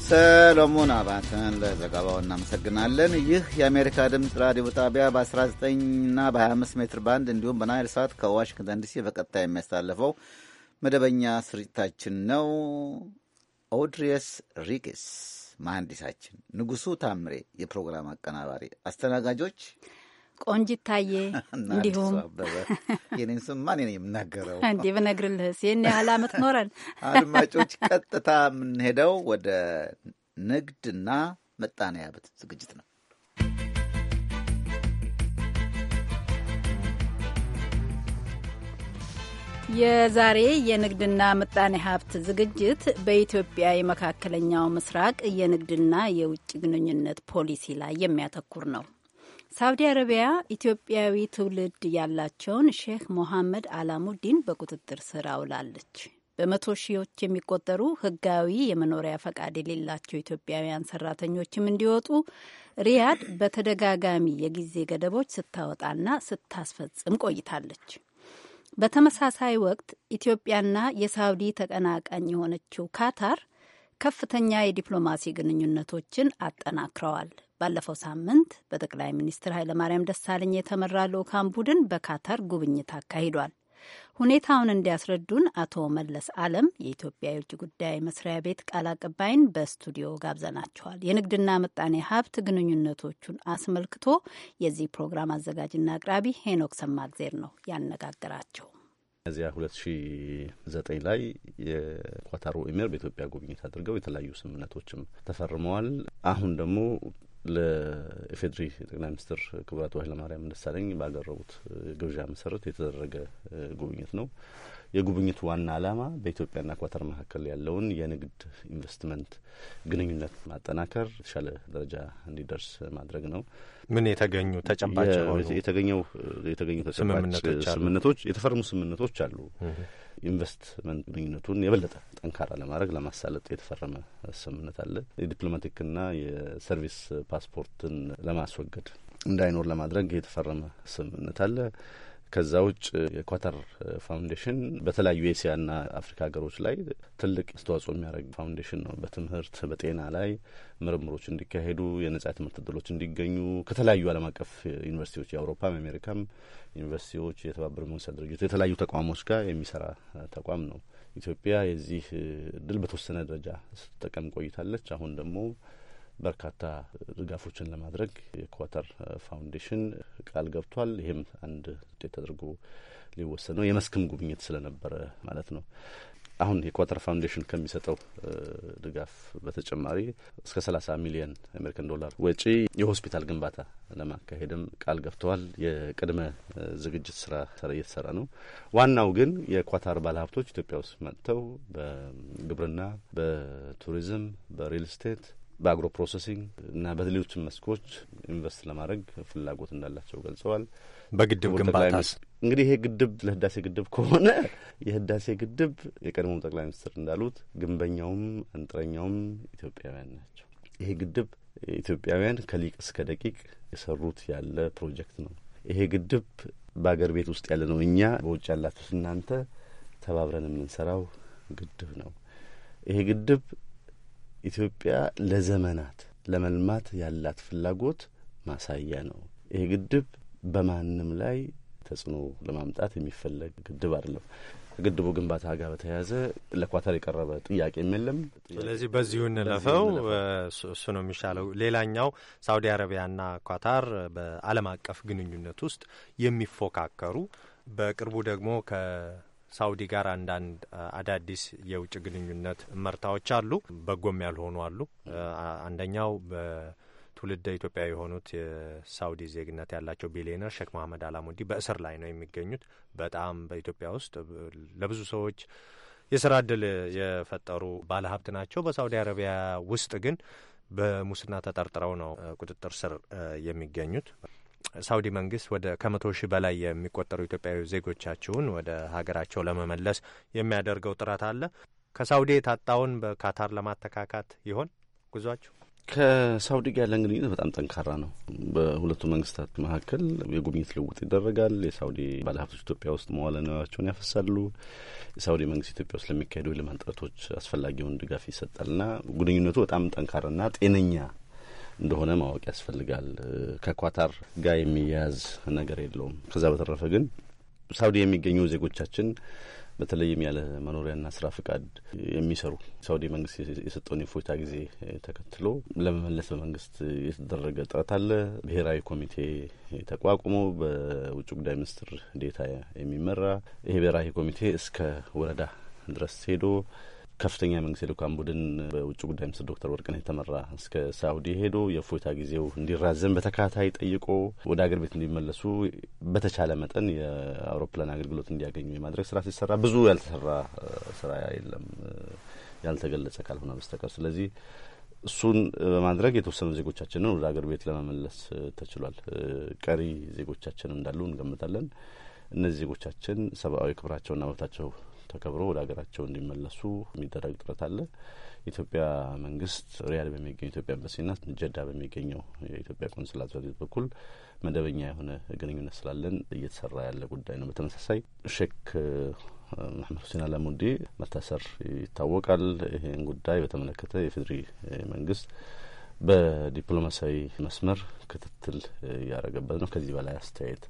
ሰሎሞን አባተን ለዘገባው እናመሰግናለን። ይህ የአሜሪካ ድምፅ ራዲዮ ጣቢያ በ19 እና በ25 ሜትር ባንድ እንዲሁም በናይል ሰዓት ከዋሽንግተን ዲሲ በቀጥታ የሚያስተላልፈው መደበኛ ስርጭታችን ነው። ኦድሪየስ ሪግስ መሐንዲሳችን፣ ንጉሱ ታምሬ የፕሮግራም አቀናባሪ፣ አስተናጋጆች ቆንጂት ታዬ እንዲሁም የኔን ስም ማን ነው የምናገረው? እንዲህ ብነግርልህስ ይህን ያህል አመት ኖረን። አድማጮች፣ ቀጥታ የምንሄደው ወደ ንግድና ምጣኔ ሀብት ዝግጅት ነው። የዛሬ የንግድና ምጣኔ ሀብት ዝግጅት በኢትዮጵያ የመካከለኛው ምስራቅ የንግድና የውጭ ግንኙነት ፖሊሲ ላይ የሚያተኩር ነው። ሳውዲ አረቢያ ኢትዮጵያዊ ትውልድ ያላቸውን ሼህ ሞሐመድ አላሙዲን በቁጥጥር ስር አውላለች። በመቶ ሺዎች የሚቆጠሩ ህጋዊ የመኖሪያ ፈቃድ የሌላቸው ኢትዮጵያውያን ሰራተኞችም እንዲወጡ ሪያድ በተደጋጋሚ የጊዜ ገደቦች ስታወጣና ስታስፈጽም ቆይታለች። በተመሳሳይ ወቅት ኢትዮጵያና የሳውዲ ተቀናቃኝ የሆነችው ካታር ከፍተኛ የዲፕሎማሲ ግንኙነቶችን አጠናክረዋል። ባለፈው ሳምንት በጠቅላይ ሚኒስትር ኃይለማርያም ደሳለኝ የተመራ ልዑካን ቡድን በካታር ጉብኝት አካሂዷል። ሁኔታውን እንዲያስረዱን አቶ መለስ አለም የኢትዮጵያ የውጭ ጉዳይ መስሪያ ቤት ቃል አቀባይን በስቱዲዮ ጋብዘናቸዋል። የንግድና ምጣኔ ሀብት ግንኙነቶቹን አስመልክቶ የዚህ ፕሮግራም አዘጋጅና አቅራቢ ሄኖክ ሰማግዜር ነው ያነጋግራቸው። እዚያ ሁለት ሺ ዘጠኝ ላይ የኳታሩ ኢሜር በኢትዮጵያ ጉብኝት አድርገው የተለያዩ ስምምነቶችም ተፈርመዋል። አሁን ደግሞ ለኢፌድሪ ጠቅላይ ሚኒስትር ክቡራት አቶ ኃይለማርያም ደሳለኝ ባቀረቡት ግብዣ መሰረት የተደረገ ጉብኝት ነው። የጉብኝቱ ዋና ዓላማ በኢትዮጵያና ኳተር መካከል ያለውን የንግድ ኢንቨስትመንት ግንኙነት ማጠናከር፣ የተሻለ ደረጃ እንዲደርስ ማድረግ ነው። ምን የተገኙ ተጨባጭ የተገኘው የተገኙ ተጨባጭ ስምምነቶች የተፈረሙ ስምምነቶች አሉ ኢንቨስትመንት ግንኙነቱን የበለጠ ጠንካራ ለማድረግ ለማሳለጥ የተፈረመ ስምምነት አለ። የዲፕሎማቲክና የሰርቪስ ፓስፖርትን ለማስወገድ እንዳይኖር ለማድረግ የተፈረመ ስምምነት አለ። ከዛ ውጭ የኳተር ፋውንዴሽን በተለያዩ የእስያና አፍሪካ ሀገሮች ላይ ትልቅ አስተዋጽኦ የሚያደርግ ፋውንዴሽን ነው። በትምህርት በጤና ላይ ምርምሮች እንዲካሄዱ፣ የነጻ ትምህርት እድሎች እንዲገኙ ከተለያዩ ዓለም አቀፍ ዩኒቨርሲቲዎች የአውሮፓም የአሜሪካም ዩኒቨርሲቲዎች፣ የተባበሩት መንግስታት ድርጅት የተለያዩ ተቋሞች ጋር የሚሰራ ተቋም ነው። ኢትዮጵያ የዚህ እድል በተወሰነ ደረጃ ስትጠቀም ቆይታለች። አሁን ደግሞ በርካታ ድጋፎችን ለማድረግ የኳተር ፋውንዴሽን ቃል ገብቷል። ይህም አንድ ውጤት ተደርጎ ሊወሰድ ነው። የመስክም ጉብኝት ስለነበረ ማለት ነው። አሁን የኳተር ፋውንዴሽን ከሚሰጠው ድጋፍ በተጨማሪ እስከ ሰላሳ ሚሊየን አሜሪካን ዶላር ወጪ የሆስፒታል ግንባታ ለማካሄድም ቃል ገብተዋል። የቅድመ ዝግጅት ስራ እየተሰራ ነው። ዋናው ግን የኳታር ባለሀብቶች ኢትዮጵያ ውስጥ መጥተው በግብርና፣ በቱሪዝም፣ በሪል ስቴት በአግሮ ፕሮሰሲንግ እና በሌሎችም መስኮች ኢንቨስት ለማድረግ ፍላጎት እንዳላቸው ገልጸዋል። በግድብ ግንባታስ እንግዲህ ይሄ ግድብ ለህዳሴ ግድብ ከሆነ የህዳሴ ግድብ የቀድሞ ጠቅላይ ሚኒስትር እንዳሉት ግንበኛውም አንጥረኛውም ኢትዮጵያውያን ናቸው። ይሄ ግድብ ኢትዮጵያውያን ከሊቅ እስከ ደቂቅ የሰሩት ያለ ፕሮጀክት ነው። ይሄ ግድብ በአገር ቤት ውስጥ ያለ ነው፣ እኛ በውጭ ያላችሁት እናንተ ተባብረን የምንሰራው ግድብ ነው። ይሄ ግድብ ኢትዮጵያ ለዘመናት ለመልማት ያላት ፍላጎት ማሳያ ነው። ይሄ ግድብ በማንም ላይ ተጽዕኖ ለማምጣት የሚፈለግ ግድብ አይደለም። ከግድቡ ግንባታ ጋር በተያያዘ ለኳታር የቀረበ ጥያቄ የለም። ስለዚህ በዚሁ እንለፈው፣ እሱ ነው የሚሻለው። ሌላኛው ሳውዲ አረቢያና ኳታር በዓለም አቀፍ ግንኙነት ውስጥ የሚፎካከሩ በቅርቡ ደግሞ ከ ሳውዲ ጋር አንዳንድ አዳዲስ የውጭ ግንኙነት መርታዎች አሉ፣ በጎም ያልሆኑ አሉ። አንደኛው በትውልደ ኢትዮጵያ የሆኑት የሳውዲ ዜግነት ያላቸው ቢሊዮነር ሼክ መሀመድ አላሙዲ በእስር ላይ ነው የሚገኙት። በጣም በኢትዮጵያ ውስጥ ለብዙ ሰዎች የስራ እድል የፈጠሩ ባለሀብት ናቸው። በሳውዲ አረቢያ ውስጥ ግን በሙስና ተጠርጥረው ነው ቁጥጥር ስር የሚገኙት። ሳውዲ መንግስት ወደ ከመቶ ሺህ በላይ የሚቆጠሩ ኢትዮጵያዊ ዜጎቻችሁን ወደ ሀገራቸው ለመመለስ የሚያደርገው ጥረት አለ። ከሳውዲ የታጣውን በካታር ለማተካካት ይሆን ጉዟችሁ? ከሳውዲ ጋር ያለን ግንኙነት በጣም ጠንካራ ነው። በሁለቱ መንግስታት መካከል የጉብኝት ልውውጥ ይደረጋል። የሳውዲ ባለሀብቶች ኢትዮጵያ ውስጥ መዋለ ንዋያቸውን ያፈሳሉ። የሳውዲ መንግስት ኢትዮጵያ ውስጥ ለሚካሄዱ የልማት ጥረቶች አስፈላጊውን ድጋፍ ና ግንኙነቱ በጣም ጠንካራና ጤነኛ እንደሆነ ማወቅ ያስፈልጋል። ከኳታር ጋር የሚያያዝ ነገር የለውም። ከዛ በተረፈ ግን ሳውዲ የሚገኙ ዜጎቻችን በተለይም ያለ መኖሪያና ስራ ፍቃድ የሚሰሩ ሳውዲ መንግስት የሰጠውን የፎይታ ጊዜ ተከትሎ ለመመለስ በመንግስት የተደረገ ጥረት አለ። ብሔራዊ ኮሚቴ ተቋቁሞ በውጭ ጉዳይ ሚኒስትር ዴታ የሚመራ ይሄ ብሔራዊ ኮሚቴ እስከ ወረዳ ድረስ ሄዶ ከፍተኛ የመንግስት የልኡካን ቡድን በውጭ ጉዳይ ሚኒስትር ዶክተር ወርቅነህ የተመራ እስከ ሳውዲ ሄዶ የእፎይታ ጊዜው እንዲራዘም በተካታይ ጠይቆ ወደ አገር ቤት እንዲመለሱ በተቻለ መጠን የአውሮፕላን አገልግሎት እንዲያገኙ የማድረግ ስራ ሲሰራ ብዙ ያልተሰራ ስራ የለም ያልተገለጸ ካልሆነ በስተቀር ስለዚህ እሱን በማድረግ የተወሰኑ ዜጎቻችንን ወደ አገር ቤት ለመመለስ ተችሏል። ቀሪ ዜጎቻችን እንዳሉ እንገምታለን። እነዚህ ዜጎቻችን ሰብአዊ ክብራቸውና መብታቸው ተከብሮ ወደ ሀገራቸው እንዲመለሱ የሚደረግ ጥረት አለ። የኢትዮጵያ መንግስት ሪያድ በሚገኘው ኢትዮጵያ ኤምባሲና ጀዳ በሚገኘው የኢትዮጵያ ቆንስላ ጽሕፈት ቤት በኩል መደበኛ የሆነ ግንኙነት ስላለን እየተሰራ ያለ ጉዳይ ነው። በተመሳሳይ ሼክ መሐመድ ሁሴን አላሙዲ መታሰር ይታወቃል። ይህን ጉዳይ በተመለከተ የፌዴሪ መንግስት በዲፕሎማሲያዊ መስመር ክትትል እያደረገበት ነው። ከዚህ በላይ አስተያየት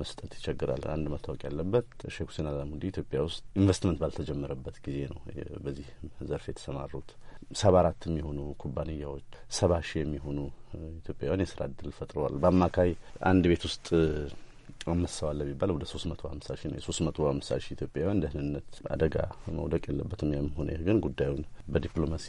መስጠት ይቸግራል። አንድ መታወቅ ያለበት ሼክ ሁሴን አላሙዲ ኢትዮጵያ ውስጥ ኢንቨስትመንት ባልተጀመረበት ጊዜ ነው በዚህ ዘርፍ የተሰማሩት። ሰባ አራት የሚሆኑ ኩባንያዎች ሰባ ሺህ የሚሆኑ ኢትዮጵያውያን የስራ እድል ፈጥረዋል። በአማካይ አንድ ቤት ውስጥ አምስት ሰው አለ ቢባል ወደ ሶስት መቶ ሀምሳ ሺህ ነው። የሶስት መቶ ሀምሳ ሺህ ኢትዮጵያውያን ደህንነት አደጋ መውደቅ የለበትም። ያም ሆነ ግን ጉዳዩን በዲፕሎማሲ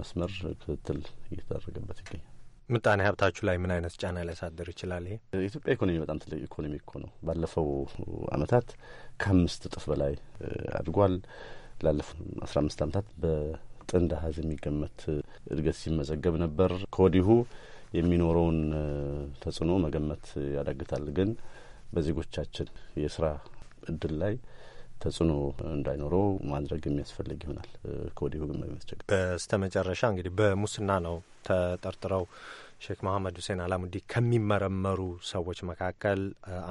መስመር ክትትል እየተደረገበት ይገኛል። ምጣኔ ሀብታችሁ ላይ ምን አይነት ጫና ሊያሳድር ይችላል? ይሄ የኢትዮጵያ ኢኮኖሚ በጣም ትልቅ ኢኮኖሚ እኮ ነው። ባለፈው አመታት ከአምስት እጥፍ በላይ አድጓል። ላለፉት አስራ አምስት አመታት በጥንድ አሀዝ የሚገመት እድገት ሲመዘገብ ነበር። ከወዲሁ የሚኖረውን ተጽዕኖ መገመት ያዳግታል። ግን በዜጎቻችን የስራ እድል ላይ ተጽዕኖ እንዳይኖረው ማድረግ የሚያስፈልግ ይሆናል። ከወዲሁ ግን በመስቸግ በስተ መጨረሻ እንግዲህ በሙስና ነው ተጠርጥረው ሼክ መሐመድ ሁሴን አላሙዲ ከሚመረመሩ ሰዎች መካከል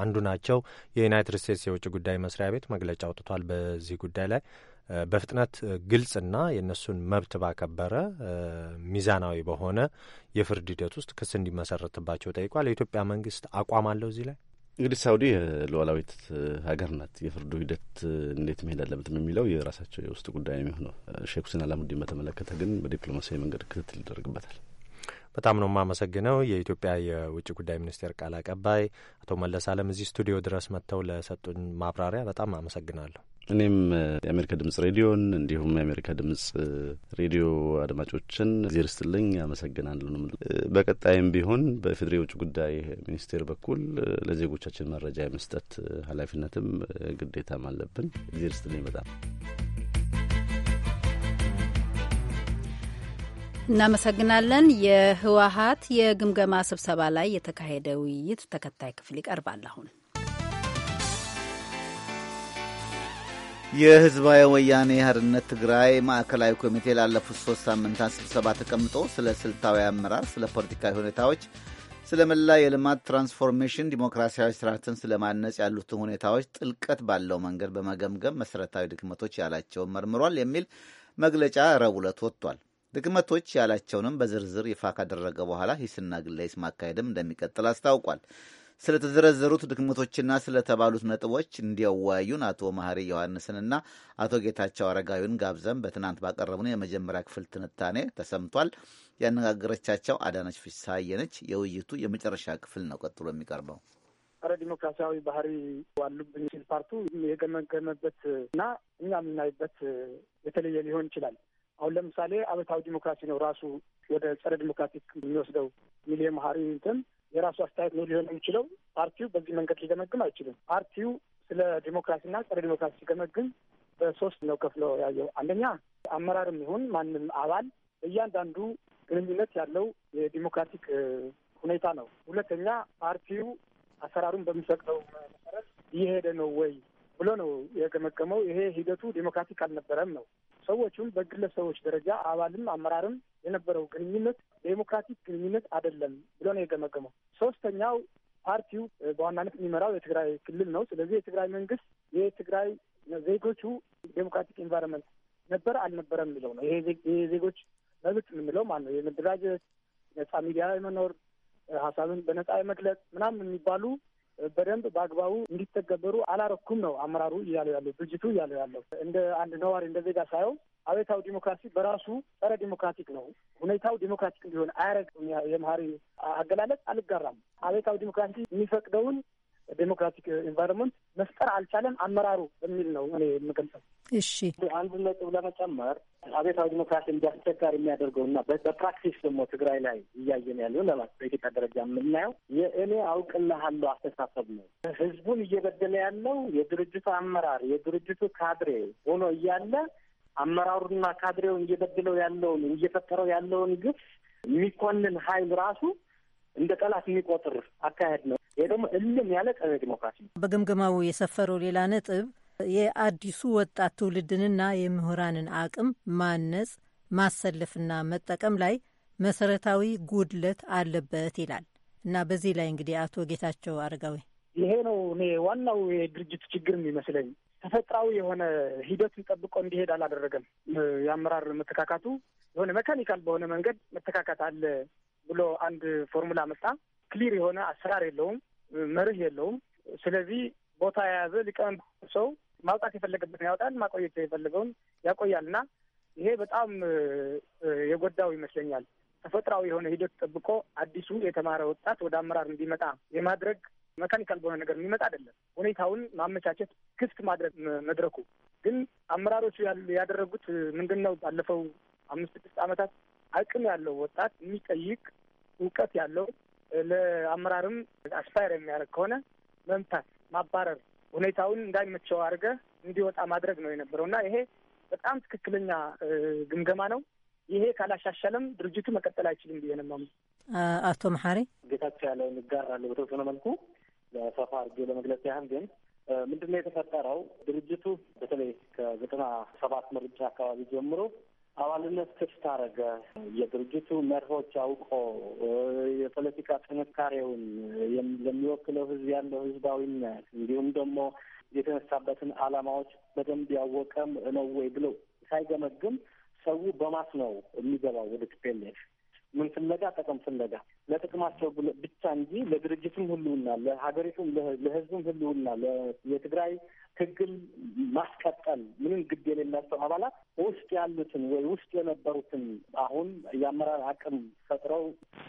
አንዱ ናቸው። የዩናይትድ ስቴትስ የውጭ ጉዳይ መስሪያ ቤት መግለጫ አውጥቷል። በዚህ ጉዳይ ላይ በፍጥነት ግልጽና የእነሱን መብት ባከበረ ሚዛናዊ በሆነ የፍርድ ሂደት ውስጥ ክስ እንዲመሰረትባቸው ጠይቋል። የኢትዮጵያ መንግስት አቋም አለው እዚህ ላይ እንግዲህ ሳውዲ የሉዓላዊት ሀገር ናት። የፍርዱ ሂደት እንዴት መሄድ አለበት የሚለው የራሳቸው የውስጥ ጉዳይ የሚሆነው። ሼክ ሁሴን አላሙዲን በተመለከተ ግን በዲፕሎማሲያዊ መንገድ ክትትል ይደረግበታል። በጣም ነው የማመሰግነው። የኢትዮጵያ የውጭ ጉዳይ ሚኒስቴር ቃል አቀባይ አቶ መለስ አለም እዚህ ስቱዲዮ ድረስ መጥተው ለሰጡን ማብራሪያ በጣም አመሰግናለሁ። እኔም የአሜሪካ ድምጽ ሬዲዮን እንዲሁም የአሜሪካ ድምጽ ሬዲዮ አድማጮችን እግዜር ይስጥልኝ አመሰግናለሁ። በቀጣይም ቢሆን በፌዴሬ የውጭ ጉዳይ ሚኒስቴር በኩል ለዜጎቻችን መረጃ የመስጠት ኃላፊነትም ግዴታም አለብን። እግዜር ይስጥልኝ በጣም እናመሰግናለን። የህወሀት የግምገማ ስብሰባ ላይ የተካሄደ ውይይት ተከታይ ክፍል ይቀርባል አሁን የህዝባዊ ወያኔ ሓርነት ትግራይ ማዕከላዊ ኮሚቴ ላለፉት ሶስት ሳምንታት ስብሰባ ተቀምጦ ስለ ስልታዊ አመራር፣ ስለ ፖለቲካዊ ሁኔታዎች፣ ስለ መላ የልማት ትራንስፎርሜሽን፣ ዲሞክራሲያዊ ስርዓትን ስለ ማነጽ ያሉትን ሁኔታዎች ጥልቀት ባለው መንገድ በመገምገም መሰረታዊ ድክመቶች ያላቸውን መርምሯል የሚል መግለጫ ረቡዕ ዕለት ወጥቷል። ድክመቶች ያላቸውንም በዝርዝር ይፋ ካደረገ በኋላ ሂስና ግለሂስ ማካሄድም እንደሚቀጥል አስታውቋል። ስለተዘረዘሩት ድክመቶችና ስለተባሉት ነጥቦች እንዲያወያዩን አቶ መሐሪ ዮሐንስንና አቶ ጌታቸው አረጋዊን ጋብዘን በትናንት ባቀረቡን የመጀመሪያ ክፍል ትንታኔ ተሰምቷል። ያነጋገረቻቸው አዳነች ፍስሐዬ የውይይቱ የመጨረሻ ክፍል ነው ቀጥሎ የሚቀርበው። ረ ዲሞክራሲያዊ ባህሪ አሉብኝ ሲል ፓርቱ የገመገመበት እና እኛ የምናይበት የተለየ ሊሆን ይችላል። አሁን ለምሳሌ አበታዊ ዲሞክራሲ ነው ራሱ ወደ ጸረ ዲሞክራቲክ የሚወስደው ሚሊየ መሀሪ እንትን የራሱ አስተያየት ነው ሊሆን የሚችለው። ፓርቲው በዚህ መንገድ ሊገመግም አይችልም። ፓርቲው ስለ ዲሞክራሲና ጸረ ዲሞክራሲ ሲገመግም በሶስት ነው ከፍሎ ያየው። አንደኛ አመራርም ይሁን ማንም አባል እያንዳንዱ ግንኙነት ያለው የዲሞክራቲክ ሁኔታ ነው። ሁለተኛ ፓርቲው አሰራሩን በሚፈቅደው መሰረት እየሄደ ነው ወይ ብሎ ነው የገመገመው። ይሄ ሂደቱ ዲሞክራቲክ አልነበረም ነው። ሰዎቹም በግለሰቦች ደረጃ አባልም አመራርም የነበረው ግንኙነት ዴሞክራቲክ ግንኙነት አይደለም ብሎ ነው የገመገመው። ሶስተኛው ፓርቲው በዋናነት የሚመራው የትግራይ ክልል ነው። ስለዚህ የትግራይ መንግስት የትግራይ ዜጎቹ ዴሞክራቲክ ኢንቫይሮንመንት ነበር አልነበረም የሚለው ነው። ይሄ የዜጎች መብት የምንለው ማለት ነው የመደራጀት ነጻ ሚዲያ የመኖር ሀሳብን በነጻ የመግለጽ ምናምን የሚባሉ በደንብ በአግባቡ እንዲተገበሩ አላረኩም ነው አመራሩ እያለው ያለው ድርጅቱ እያለው ያለው እንደ አንድ ነዋሪ እንደ ዜጋ ሳየው አቤታዊ ዲሞክራሲ በራሱ ጸረ ዲሞክራቲክ ነው። ሁኔታው ዲሞክራቲክ እንዲሆን አያረግም። የመሀሪ አገላለጽ አልጋራም። አቤታዊ ዲሞክራሲ የሚፈቅደውን ዴሞክራቲክ ኤንቫይሮንመንት መፍጠር አልቻለም አመራሩ በሚል ነው እኔ የምገልጸው። እሺ አንዱ ነጥብ ለመጨመር አቤታዊ ዲሞክራሲ እንዲያስቸጋሪ የሚያደርገው እና በፕራክቲስ ደግሞ ትግራይ ላይ እያየን ያለው ለማለት በኢትዮጵያ ደረጃ የምናየው የእኔ አውቅልሃለሁ አስተሳሰብ ነው። ህዝቡን እየበደለ ያለው የድርጅቱ አመራር የድርጅቱ ካድሬ ሆኖ እያለ አመራሩና ካድሬውን እየበደለው ያለውን እየፈጠረው ያለውን ግፍ የሚኮንን ሀይል ራሱ እንደ ጠላት የሚቆጥር አካሄድ ነው ይሄ ደግሞ እልም ያለ ጸረ ዲሞክራሲ ነው። በግምገማው የሰፈረው ሌላ ነጥብ የአዲሱ ወጣት ትውልድንና የምሁራንን አቅም ማነጽ ማሰለፍና መጠቀም ላይ መሰረታዊ ጉድለት አለበት ይላል እና በዚህ ላይ እንግዲህ አቶ ጌታቸው አረጋዊ ይሄ ነው እኔ ዋናው የድርጅት ችግር የሚመስለኝ። ተፈጥሯዊ የሆነ ሂደቱን ጠብቆ እንዲሄድ አላደረገም። የአመራር መተካካቱ የሆነ መካኒካል በሆነ መንገድ መተካካት አለ ብሎ አንድ ፎርሙላ መጣ። ክሊር የሆነ አሰራር የለውም፣ መርህ የለውም። ስለዚህ ቦታ የያዘ ሊቀመንበር ሰው ማውጣት የፈለገበትን ያወጣል፣ ማቆየት የፈለገውን ያቆያል እና ይሄ በጣም የጎዳው ይመስለኛል። ተፈጥሯዊ የሆነ ሂደት ጠብቆ አዲሱ የተማረ ወጣት ወደ አመራር እንዲመጣ የማድረግ መካኒካል በሆነ ነገር የሚመጣ አይደለም። ሁኔታውን ማመቻቸት፣ ክፍት ማድረግ መድረኩ ግን አመራሮቹ ያደረጉት ምንድን ነው? ባለፈው አምስት ስድስት ዓመታት አቅም ያለው ወጣት የሚጠይቅ እውቀት ያለው ለአመራርም አስፓየር የሚያደርግ ከሆነ መምታት፣ ማባረር፣ ሁኔታውን እንዳይመቸው አድርገ እንዲወጣ ማድረግ ነው የነበረው እና ይሄ በጣም ትክክለኛ ግምገማ ነው። ይሄ ካላሻሻለም ድርጅቱ መቀጠል አይችልም ብዬ ነው አቶ መሐሪ ጌታቸው ያለውን እጋራለሁ በተወሰነ መልኩ ሰፋ አድርጌ ለመግለጽ ያህል ግን ምንድን የተፈጠረው? ድርጅቱ በተለይ ከዘጠና ሰባት ምርጫ አካባቢ ጀምሮ አባልነት ክፍት አረገ። የድርጅቱ መርሆች አውቆ የፖለቲካ ጥንካሬውን ለሚወክለው ህዝብ ያለው ህዝባዊነት እንዲሁም ደግሞ የተነሳበትን አላማዎች በደንብ ያወቀም ነው ወይ ብለው ሳይገመግም ሰው በማስ ነው የሚገባው ወደ ቲፒኤልኤፍ ምን ፍለጋ? ጥቅም ፍለጋ ለጥቅማቸው ብቻ እንጂ ለድርጅቱም ህልውና፣ ለሀገሪቱም፣ ለህዝቡም ህልውና፣ የትግራይ ህግም ማስቀጠል ምንም ግድ የሌላቸው አባላት ውስጥ ያሉትን ወይ ውስጥ የነበሩትን አሁን የአመራር አቅም ፈጥረው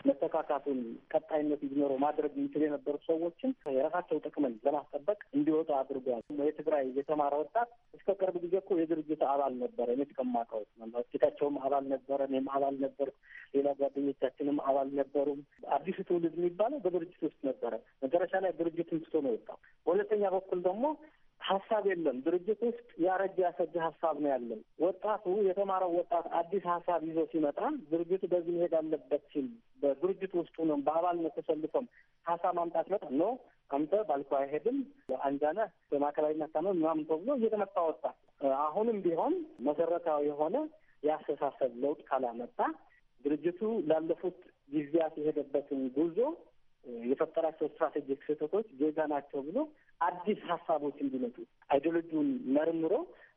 መተካካቱን ቀጣይነት እንዲኖረው ማድረግ የሚችል የነበሩት ሰዎችን የራሳቸው ጥቅምን ለማስጠበቅ እንዲወጡ አድርጓል። የትግራይ የተማረ ወጣት እስከ ቅርብ ጊዜ እኮ የድርጅት አባል ነበረ። እኔ ተቀማቀው ጌታቸውም አባል ነበረ፣ እኔም አባል ነበር፣ ሌላ ጓደኞቻችንም አባል ነበሩም። አዲሱ ትውልድ የሚባለው በድርጅት ውስጥ ነበረ። መጨረሻ ላይ ድርጅትን ትቶ ነው የወጣው። በሁለተኛ በኩል ደግሞ ሀሳብ የለም። ድርጅት ውስጥ ያረጀ ያሰጀ ሀሳብ ነው ያለን። ወጣቱ የተማረው ወጣት አዲስ ሀሳብ ይዞ ሲመጣ ድርጅቱ በዚህ መሄድ አለበት ሲል በድርጅት ውስጡ ነው በአባልነት ተሰልፎም ሀሳብ ማምጣት መጣ ኖ አንተ ባልኮ አይሄድም አንጃነ በማዕከላዊ መታመም ምናምን ተብሎ እየተመጣ ወጣ። አሁንም ቢሆን መሰረታዊ የሆነ የአስተሳሰብ ለውጥ ካላመጣ ድርጅቱ ላለፉት ጊዜያት የሄደበትን ጉዞ የፈጠራቸው ስትራቴጂክ ስህተቶች ጌጋ ናቸው ብሎ አዲስ ሀሳቦች እንዲመጡ አይዲዮሎጂውን መርምሮ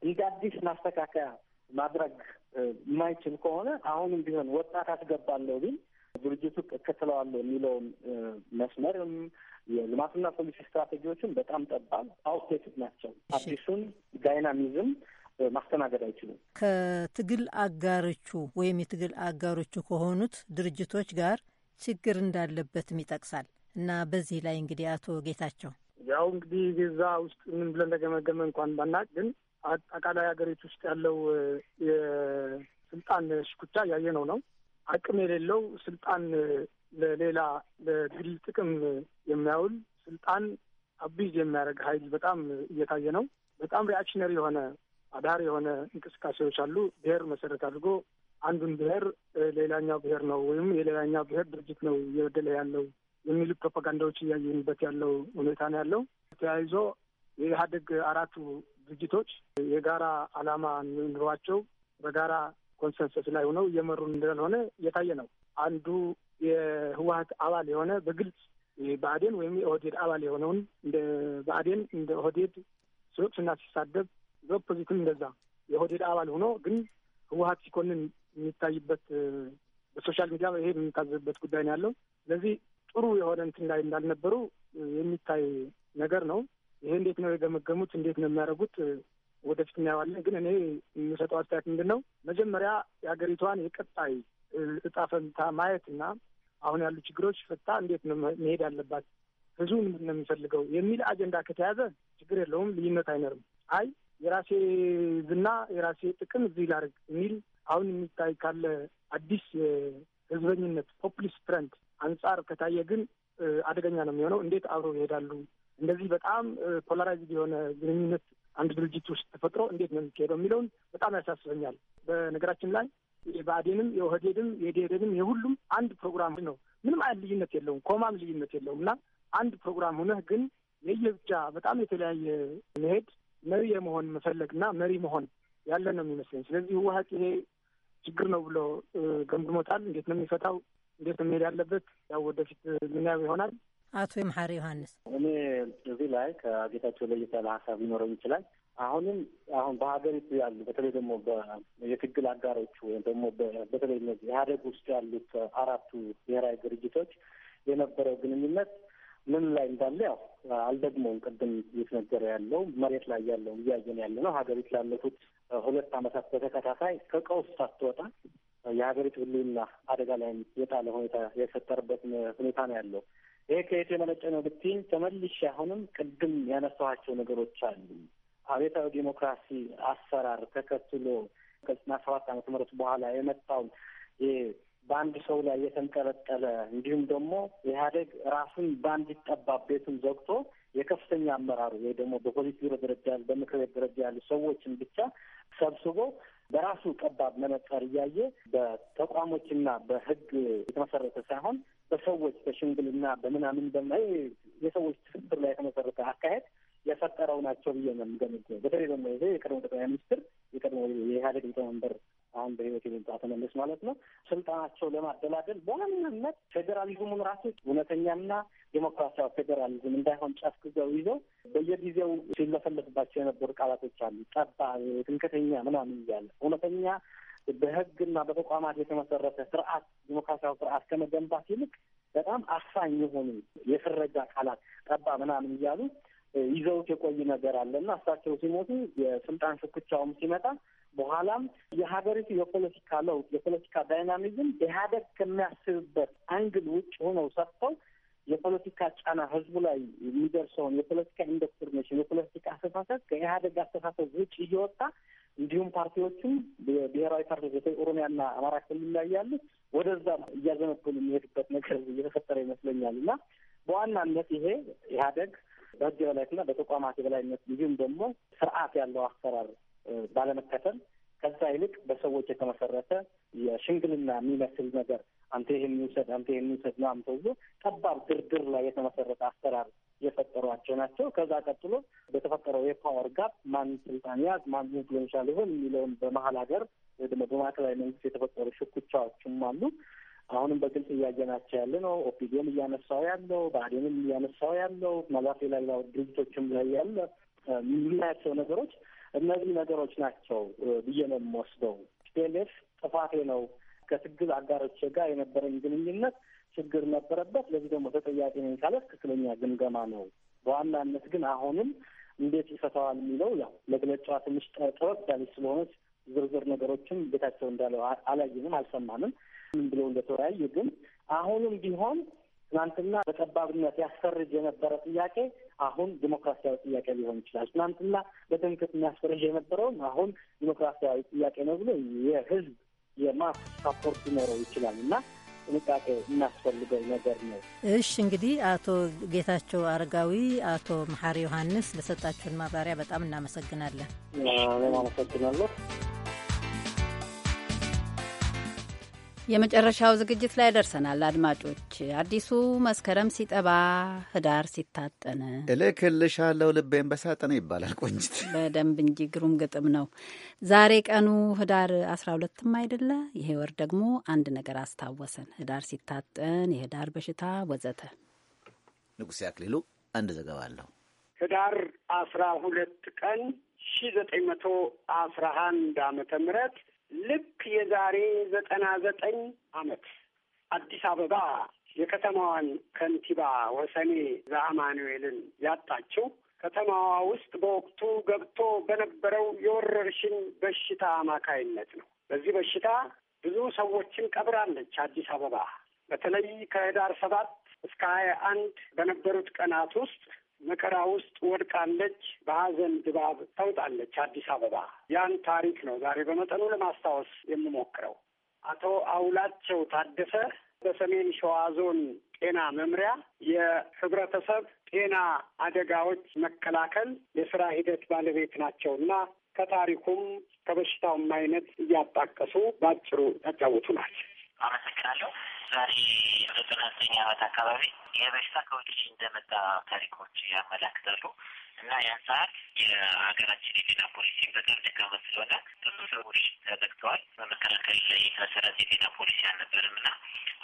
እንደ አዲስ ማስተካከያ ማድረግ የማይችል ከሆነ አሁንም ቢሆን ወጣት አስገባለሁ ግን ድርጅቱ እከተለዋለሁ የሚለውን መስመርም የልማትና ፖሊሲ ስትራቴጂዎችን በጣም ጠባብ አውትዴትድ ናቸው። አዲሱን ዳይናሚዝም ማስተናገድ አይችሉም። ከትግል አጋሮቹ ወይም የትግል አጋሮቹ ከሆኑት ድርጅቶች ጋር ችግር እንዳለበትም ይጠቅሳል። እና በዚህ ላይ እንግዲህ አቶ ጌታቸው ያው እንግዲህ እዛ ውስጥ ምን ብለን እንደገመገመ እንኳን ባናቅ፣ ግን አጠቃላይ ሀገሪቱ ውስጥ ያለው የስልጣን ሽኩቻ ያየነው ነው። አቅም የሌለው ስልጣን ለሌላ ለግል ጥቅም የሚያውል ስልጣን አቢዝ የሚያደርግ ኃይል በጣም እየታየ ነው። በጣም ሪአክሽነሪ የሆነ አዳር የሆነ እንቅስቃሴዎች አሉ። ብሔር መሰረት አድርጎ አንዱን ብሔር ሌላኛው ብሔር ነው ወይም የሌላኛው ብሔር ድርጅት ነው እየበደለ ያለው የሚሉ ፕሮፓጋንዳዎች እያየንበት ያለው ሁኔታ ነው ያለው። ተያይዞ የኢህአዴግ አራቱ ድርጅቶች የጋራ ዓላማ ኑሯቸው በጋራ ኮንሰንሰስ ላይ ሆነው እየመሩ እንዳልሆነ እየታየ ነው። አንዱ የህወሀት አባል የሆነ በግልጽ ብአዴን ወይም የኦህዴድ አባል የሆነውን እንደ ብአዴን እንደ ኦህዴድ ሲወቅስና ሲሳደብ በፖዚቲቭ እንደዛ የኦህዴድ አባል ሆኖ ግን ህወሀት ሲኮንን የሚታይበት በሶሻል ሚዲያ ይሄ የምንታዘብበት ጉዳይ ነው ያለው። ስለዚህ ጥሩ የሆነ እንትን ላይ እንዳልነበሩ የሚታይ ነገር ነው። ይሄ እንዴት ነው የገመገሙት? እንዴት ነው የሚያደርጉት? ወደፊት እናየዋለን። ግን እኔ የምሰጠው አስተያየት ምንድን ነው፣ መጀመሪያ የሀገሪቷን የቀጣይ እጣ ፈንታ ማየት እና አሁን ያሉ ችግሮች ፈታ እንዴት ነው መሄድ ያለባት፣ ህዝቡ ምንድን ነው የሚፈልገው የሚል አጀንዳ ከተያዘ ችግር የለውም፣ ልዩነት አይኖርም። አይ የራሴ ዝና የራሴ ጥቅም እዚህ ላርግ የሚል አሁን የሚታይ ካለ አዲስ የህዝበኝነት ፖፕሊስ ትረንድ አንጻር ከታየ ግን አደገኛ ነው የሚሆነው። እንዴት አብረው ይሄዳሉ? እንደዚህ በጣም ፖላራይዝድ የሆነ ግንኙነት አንድ ድርጅት ውስጥ ተፈጥሮ እንዴት ነው የሚካሄደው የሚለውን በጣም ያሳስበኛል። በነገራችን ላይ የብአዴንም፣ የኦህዴድም፣ የዴደንም የሁሉም አንድ ፕሮግራም ነው። ምንም አይነት ልዩነት የለውም። ኮማም ልዩነት የለውም እና አንድ ፕሮግራም ሁነህ ግን የየብቻ ብቻ በጣም የተለያየ መሄድ መሪ የመሆን መፈለግ እና መሪ መሆን ያለ ነው የሚመስለኝ። ስለዚህ ህወሀት ይሄ ችግር ነው ብሎ ገምግሞታል። እንዴት ነው የሚፈታው? እንዴት ነው የሚሄድ ያለበት? ያው ወደፊት ምንያው ይሆናል። አቶ የመሐሪ ዮሐንስ፣ እኔ እዚህ ላይ ከጌታቸው ለየት ያለ ሀሳብ ሊኖረው ይችላል። አሁንም አሁን በሀገሪቱ ያሉ በተለይ ደግሞ የትግል አጋሮቹ ወይም ደግሞ በተለይ እነዚህ ኢህአዴግ ውስጥ ያሉት አራቱ ብሔራዊ ድርጅቶች የነበረው ግንኙነት ምን ላይ እንዳለ ያው አልደግሞም። ቅድም እየተነገረ ያለው መሬት ላይ ያለው እያየን ያለ ነው። ሀገሪቱ ላለፉት ሁለት ዓመታት በተከታታይ ከቀውስ ሳትወጣ የሀገሪቱ ሕልውና አደጋ ላይ የጣለ ሁኔታ የፈጠረበት ሁኔታ ነው ያለው። ይሄ ከየት የመነጨ ነው ብትይኝ፣ ተመልሼ አሁንም ቅድም ያነሳኋቸው ነገሮች አሉ። አቤታዊ ዲሞክራሲ አሰራር ተከትሎ ከዘጠና ሰባት ዓመተ ምህረት በኋላ የመጣው በአንድ ሰው ላይ የተንጠለጠለ እንዲሁም ደግሞ ኢህአዴግ ራሱን በአንድ ጠባብ ቤቱን ዘግቶ የከፍተኛ አመራሩ ወይ ደግሞ በፖሊስ ቢሮ ደረጃ ያሉ በምክር ቤት ደረጃ ያሉ ሰዎችን ብቻ ሰብስቦ በራሱ ጠባብ መነጽር እያየ በተቋሞችና በሕግ የተመሰረተ ሳይሆን በሰዎች በሽምግልና በምናምን በማ የሰዎች ትስስር ላይ የተመሰረተ አካሄድ የፈጠረው ናቸው ብዬ ነው የምገምገው። በተለይ ደግሞ ይሄ የቀድሞ ጠቅላይ ሚኒስትር የቀድሞ የኢህአዴግ ሊቀመንበር አሁን በህይወት የሌላ ተመለስ ማለት ነው ስልጣናቸው ለማደላደል በዋናነት ፌዴራሊዝሙን ራሱ እውነተኛና ዴሞክራሲያዊ ፌዴራሊዝም እንዳይሆን ጨፍቅዘው ይዘው በየጊዜው ሲለፈለፍባቸው የነበሩ ቃላቶች አሉ። ጠባብ፣ ትንከተኛ ምናምን እያለ እውነተኛ በህግና በተቋማት የተመሰረተ ስርዓት ዴሞክራሲያዊ ስርዓት ከመገንባት ይልቅ በጣም አፋኝ የሆኑ የፍረጃ ቃላት ጠባ ምናምን እያሉ ይዘውት የቆዩ ነገር አለ እና እሳቸው ሲሞቱ የስልጣን ሽኩቻውም ሲመጣ በኋላም የሀገሪቱ የፖለቲካ ለውጥ የፖለቲካ ዳይናሚዝም ኢህአዴግ ከሚያስብበት አንግል ውጭ ሆነው ሰጥተው የፖለቲካ ጫና ህዝቡ ላይ የሚደርሰውን የፖለቲካ ኢንዶክትሪኔሽን የፖለቲካ አስተሳሰብ ከኢህአዴግ አስተሳሰብ ውጭ እየወጣ እንዲሁም ፓርቲዎችም ብሔራዊ ፓርቲዎች በተለይ ኦሮሚያና አማራ ክልል ላይ ያሉ ወደዛ እያዘነበሉ የሚሄድበት ነገር እየተፈጠረ ይመስለኛል እና በዋናነት ይሄ ኢህአዴግ በህግ የበላይነትና በተቋማት የበላይነት እንዲሁም ደግሞ ስርዓት ያለው አሰራር ባለመከተል ከዛ ይልቅ በሰዎች የተመሰረተ የሽንግልና የሚመስል ነገር አንተ ይህን ውሰድ፣ አንተ ይህን ውሰድ ምናምን ተብሎ ጠባብ ድርድር ላይ የተመሰረተ አሰራር የፈጠሯቸው ናቸው። ከዛ ቀጥሎ በተፈጠረው የፓወር ጋፕ ማን ስልጣን ያዝ፣ ማን ኢንፍሉዌንሻል ይሆን የሚለውን በመሀል ሀገር ወይ ደግሞ በማዕከላዊ መንግስት የተፈጠሩ ሽኩቻዎችም አሉ። አሁንም በግልጽ እያየናቸው ያለ ነው። ኦፒዲየም እያነሳው ያለው ባህዴንም እያነሳው ያለው መላፌ ላይ ድርጅቶችም ላይ ያለ የምናያቸው ነገሮች እነዚህ ነገሮች ናቸው ብዬ ነው የምወስደው። ቴሌፍ ጥፋቴ ነው ከትግል አጋሮች ጋር የነበረኝ ግንኙነት ችግር ነበረበት፣ ለዚህ ደግሞ ተጠያቂ ነኝ ካለት ትክክለኛ ግምገማ ነው። በዋናነት ግን አሁንም እንዴት ይፈታዋል የሚለው ያው መግለጫዋ ትንሽ ጠወቅ ያለች ስለሆነች ዝርዝር ነገሮችም ቤታቸው እንዳለው አላየንም፣ አልሰማንም ምን ብለው እንደተወያዩ ግን አሁንም ቢሆን ትናንትና በጠባብነት ያስፈርጅ የነበረ ጥያቄ አሁን ዲሞክራሲያዊ ጥያቄ ሊሆን ይችላል። ትናንትና በትምክህት የሚያስፈርጅ የነበረውን አሁን ዲሞክራሲያዊ ጥያቄ ነው ብሎ የህዝብ የማስ ሳፖርት ሊኖረው ይችላል እና ጥንቃቄ የሚያስፈልገው ነገር ነው። እሽ እንግዲህ አቶ ጌታቸው አረጋዊ፣ አቶ መሐሪ ዮሐንስ ለሰጣችሁን ማብራሪያ በጣም እናመሰግናለን። እኔም አመሰግናለሁ። የመጨረሻው ዝግጅት ላይ ደርሰናል። አድማጮች አዲሱ መስከረም ሲጠባ ህዳር ሲታጠን እልክልሻለሁ ልቤን በሳጠነ ይባላል። ቆንጅት በደንብ እንጂ ግሩም ግጥም ነው። ዛሬ ቀኑ ህዳር አስራ ሁለትም አይደለ? ይሄ ወር ደግሞ አንድ ነገር አስታወሰን። ህዳር ሲታጠን፣ የህዳር በሽታ ወዘተ። ንጉሴ አክሊሉ አንድ ዘገባ አለሁ። ህዳር አስራ ሁለት ቀን ሺ ዘጠኝ መቶ አስራ አንድ አመተ ምህረት ልክ የዛሬ ዘጠና ዘጠኝ አመት አዲስ አበባ የከተማዋን ከንቲባ ወሰኔ ዘአማኑኤልን ያጣችው ከተማዋ ውስጥ በወቅቱ ገብቶ በነበረው የወረርሽኝ በሽታ አማካይነት ነው። በዚህ በሽታ ብዙ ሰዎችን ቀብራለች አዲስ አበባ። በተለይ ከህዳር ሰባት እስከ ሀያ አንድ በነበሩት ቀናት ውስጥ መከራ ውስጥ ወድቃለች፣ በሀዘን ድባብ ተውጣለች አዲስ አበባ። ያን ታሪክ ነው ዛሬ በመጠኑ ለማስታወስ የምሞክረው። አቶ አውላቸው ታደሰ በሰሜን ሸዋ ዞን ጤና መምሪያ የህብረተሰብ ጤና አደጋዎች መከላከል የስራ ሂደት ባለቤት ናቸው እና ከታሪኩም ከበሽታውም አይነት እያጣቀሱ በአጭሩ ያጫውቱናል። አመሰግናለሁ። የዛሬ ዘጠና ዘጠኝ ዓመት አካባቢ የበሽታ በሽታ እንደመጣ ታሪኮች ያመላክታሉ። እና ያ ሰዓት የሀገራችን የጤና ፖሊሲ በጣም ደካማ ስለሆነ ብዙ ሰዎች ተዘግተዋል። በመከላከል ላይ የተመሰረተ የጤና ፖሊሲ አልነበርም እና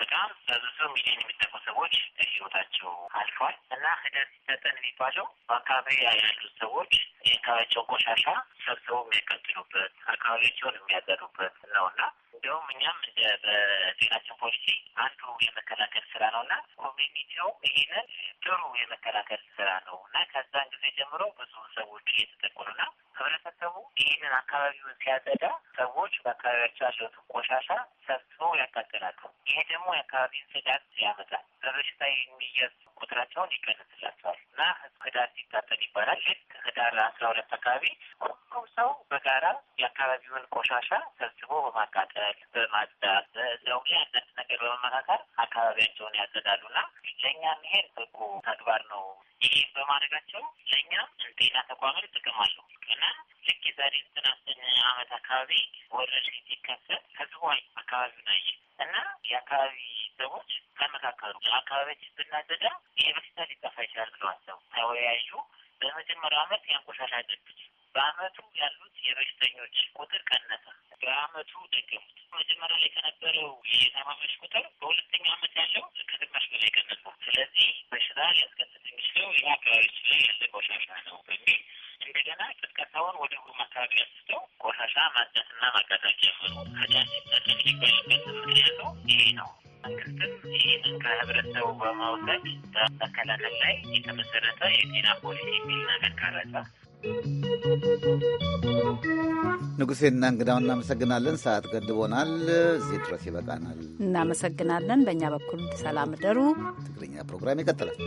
በጣም በብዙ ሚሊዮን የሚጠቁ ሰዎች ህይወታቸው አልፏል እና ህዳሴ ሲሰጠን የሚባለው በአካባቢ ያሉ ሰዎች የአካባቢቸው ቆሻሻ ሰብስበው የሚያቀጥሉበት አካባቢቸውን የሚያጠሩበት ነው እና እንዲሁም እኛም እንደ በጤናችን ፖሊሲ አንዱ የመከላከል ስራ ነው እና ኮሚኒቲው ይሄንን ጥሩ የመከላከል ስራ ነው እና ከዛን ጊዜ ጀምሮ ብዙ ሰዎች እየተጠቁ ነው። ህብረተሰቡ ይህንን አካባቢውን ሲያጸዳ ሰዎች በአካባቢያቸው ያለውን ቆሻሻ ሰብስበው ያቃጥላሉ። ይሄ ደግሞ የአካባቢን ጽዳት ያመጣል። በበሽታ የሚያዝ ቁጥራቸውን ይቀንስላቸዋል እና ህዳር ሲታጠል ይባላል። ልክ ህዳር አስራ ሁለት አካባቢ ሁሉም ሰው በጋራ የአካባቢውን ቆሻሻ ሰብስቦ በማቃጠል በማጽዳት በዛው ላይ አንዳንድ ነገር በመመካከር አካባቢያቸውን ያጸዳሉ ያጸዳሉና ለእኛም ይሄን በጎ ተግባር ነው። ይህም በማድረጋቸው ለእኛ ጤና ተቋማት ጥቅም አለው እና ልክ የዛሬ ዘጠና አመት ዓመት አካባቢ ወረርሽኝ ሲከሰት ከዝዋይ አካባቢ ነው እና የአካባቢ ሰዎች ተመካከሩ። አካባቢያችን ብናዘዳ ይህ በሽታ ሊጠፋ ይችላል ብለዋቸው ተወያዩ። በመጀመሪያው አመት ያንቆሻሻ ድርጅት በአመቱ ያሉት የበሽተኞች ቁጥር ቀነሰ። በአመቱ ደገሙት። መጀመሪያ ላይ ከነበረው የታማሚዎች ቁጥር በሁለተኛው አመት ያለው ከግማሽ በላይ ቀነሰ። ስለዚህ በሽታ ሊያስከትል የሚችለው ያ ላይ ያለ ቆሻሻ ነው በሚል እንደገና ቅጥቀታውን ወደ ሁሉም አካባቢ ያስስተው ቆሻሻ ማጽዳትና ማቃጠል ጀመሩ። ከጫጭ ጠጠቅ ሊባልበት ምክንያት ይሄ ነው። መንግስትም ይህንን ከህብረተሰቡ በማውሰድ በመከላከል ላይ የተመሰረተ የጤና ፖሊሲ የሚል ነገር ቀረጸ። ንጉሴና እንግዳው እናመሰግናለን። ሰዓት ገድቦናል። እዚህ ድረስ ይበቃናል። እናመሰግናለን። በእኛ በኩል ሰላም እደሩ። ትግርኛ ፕሮግራም ይቀጥላል።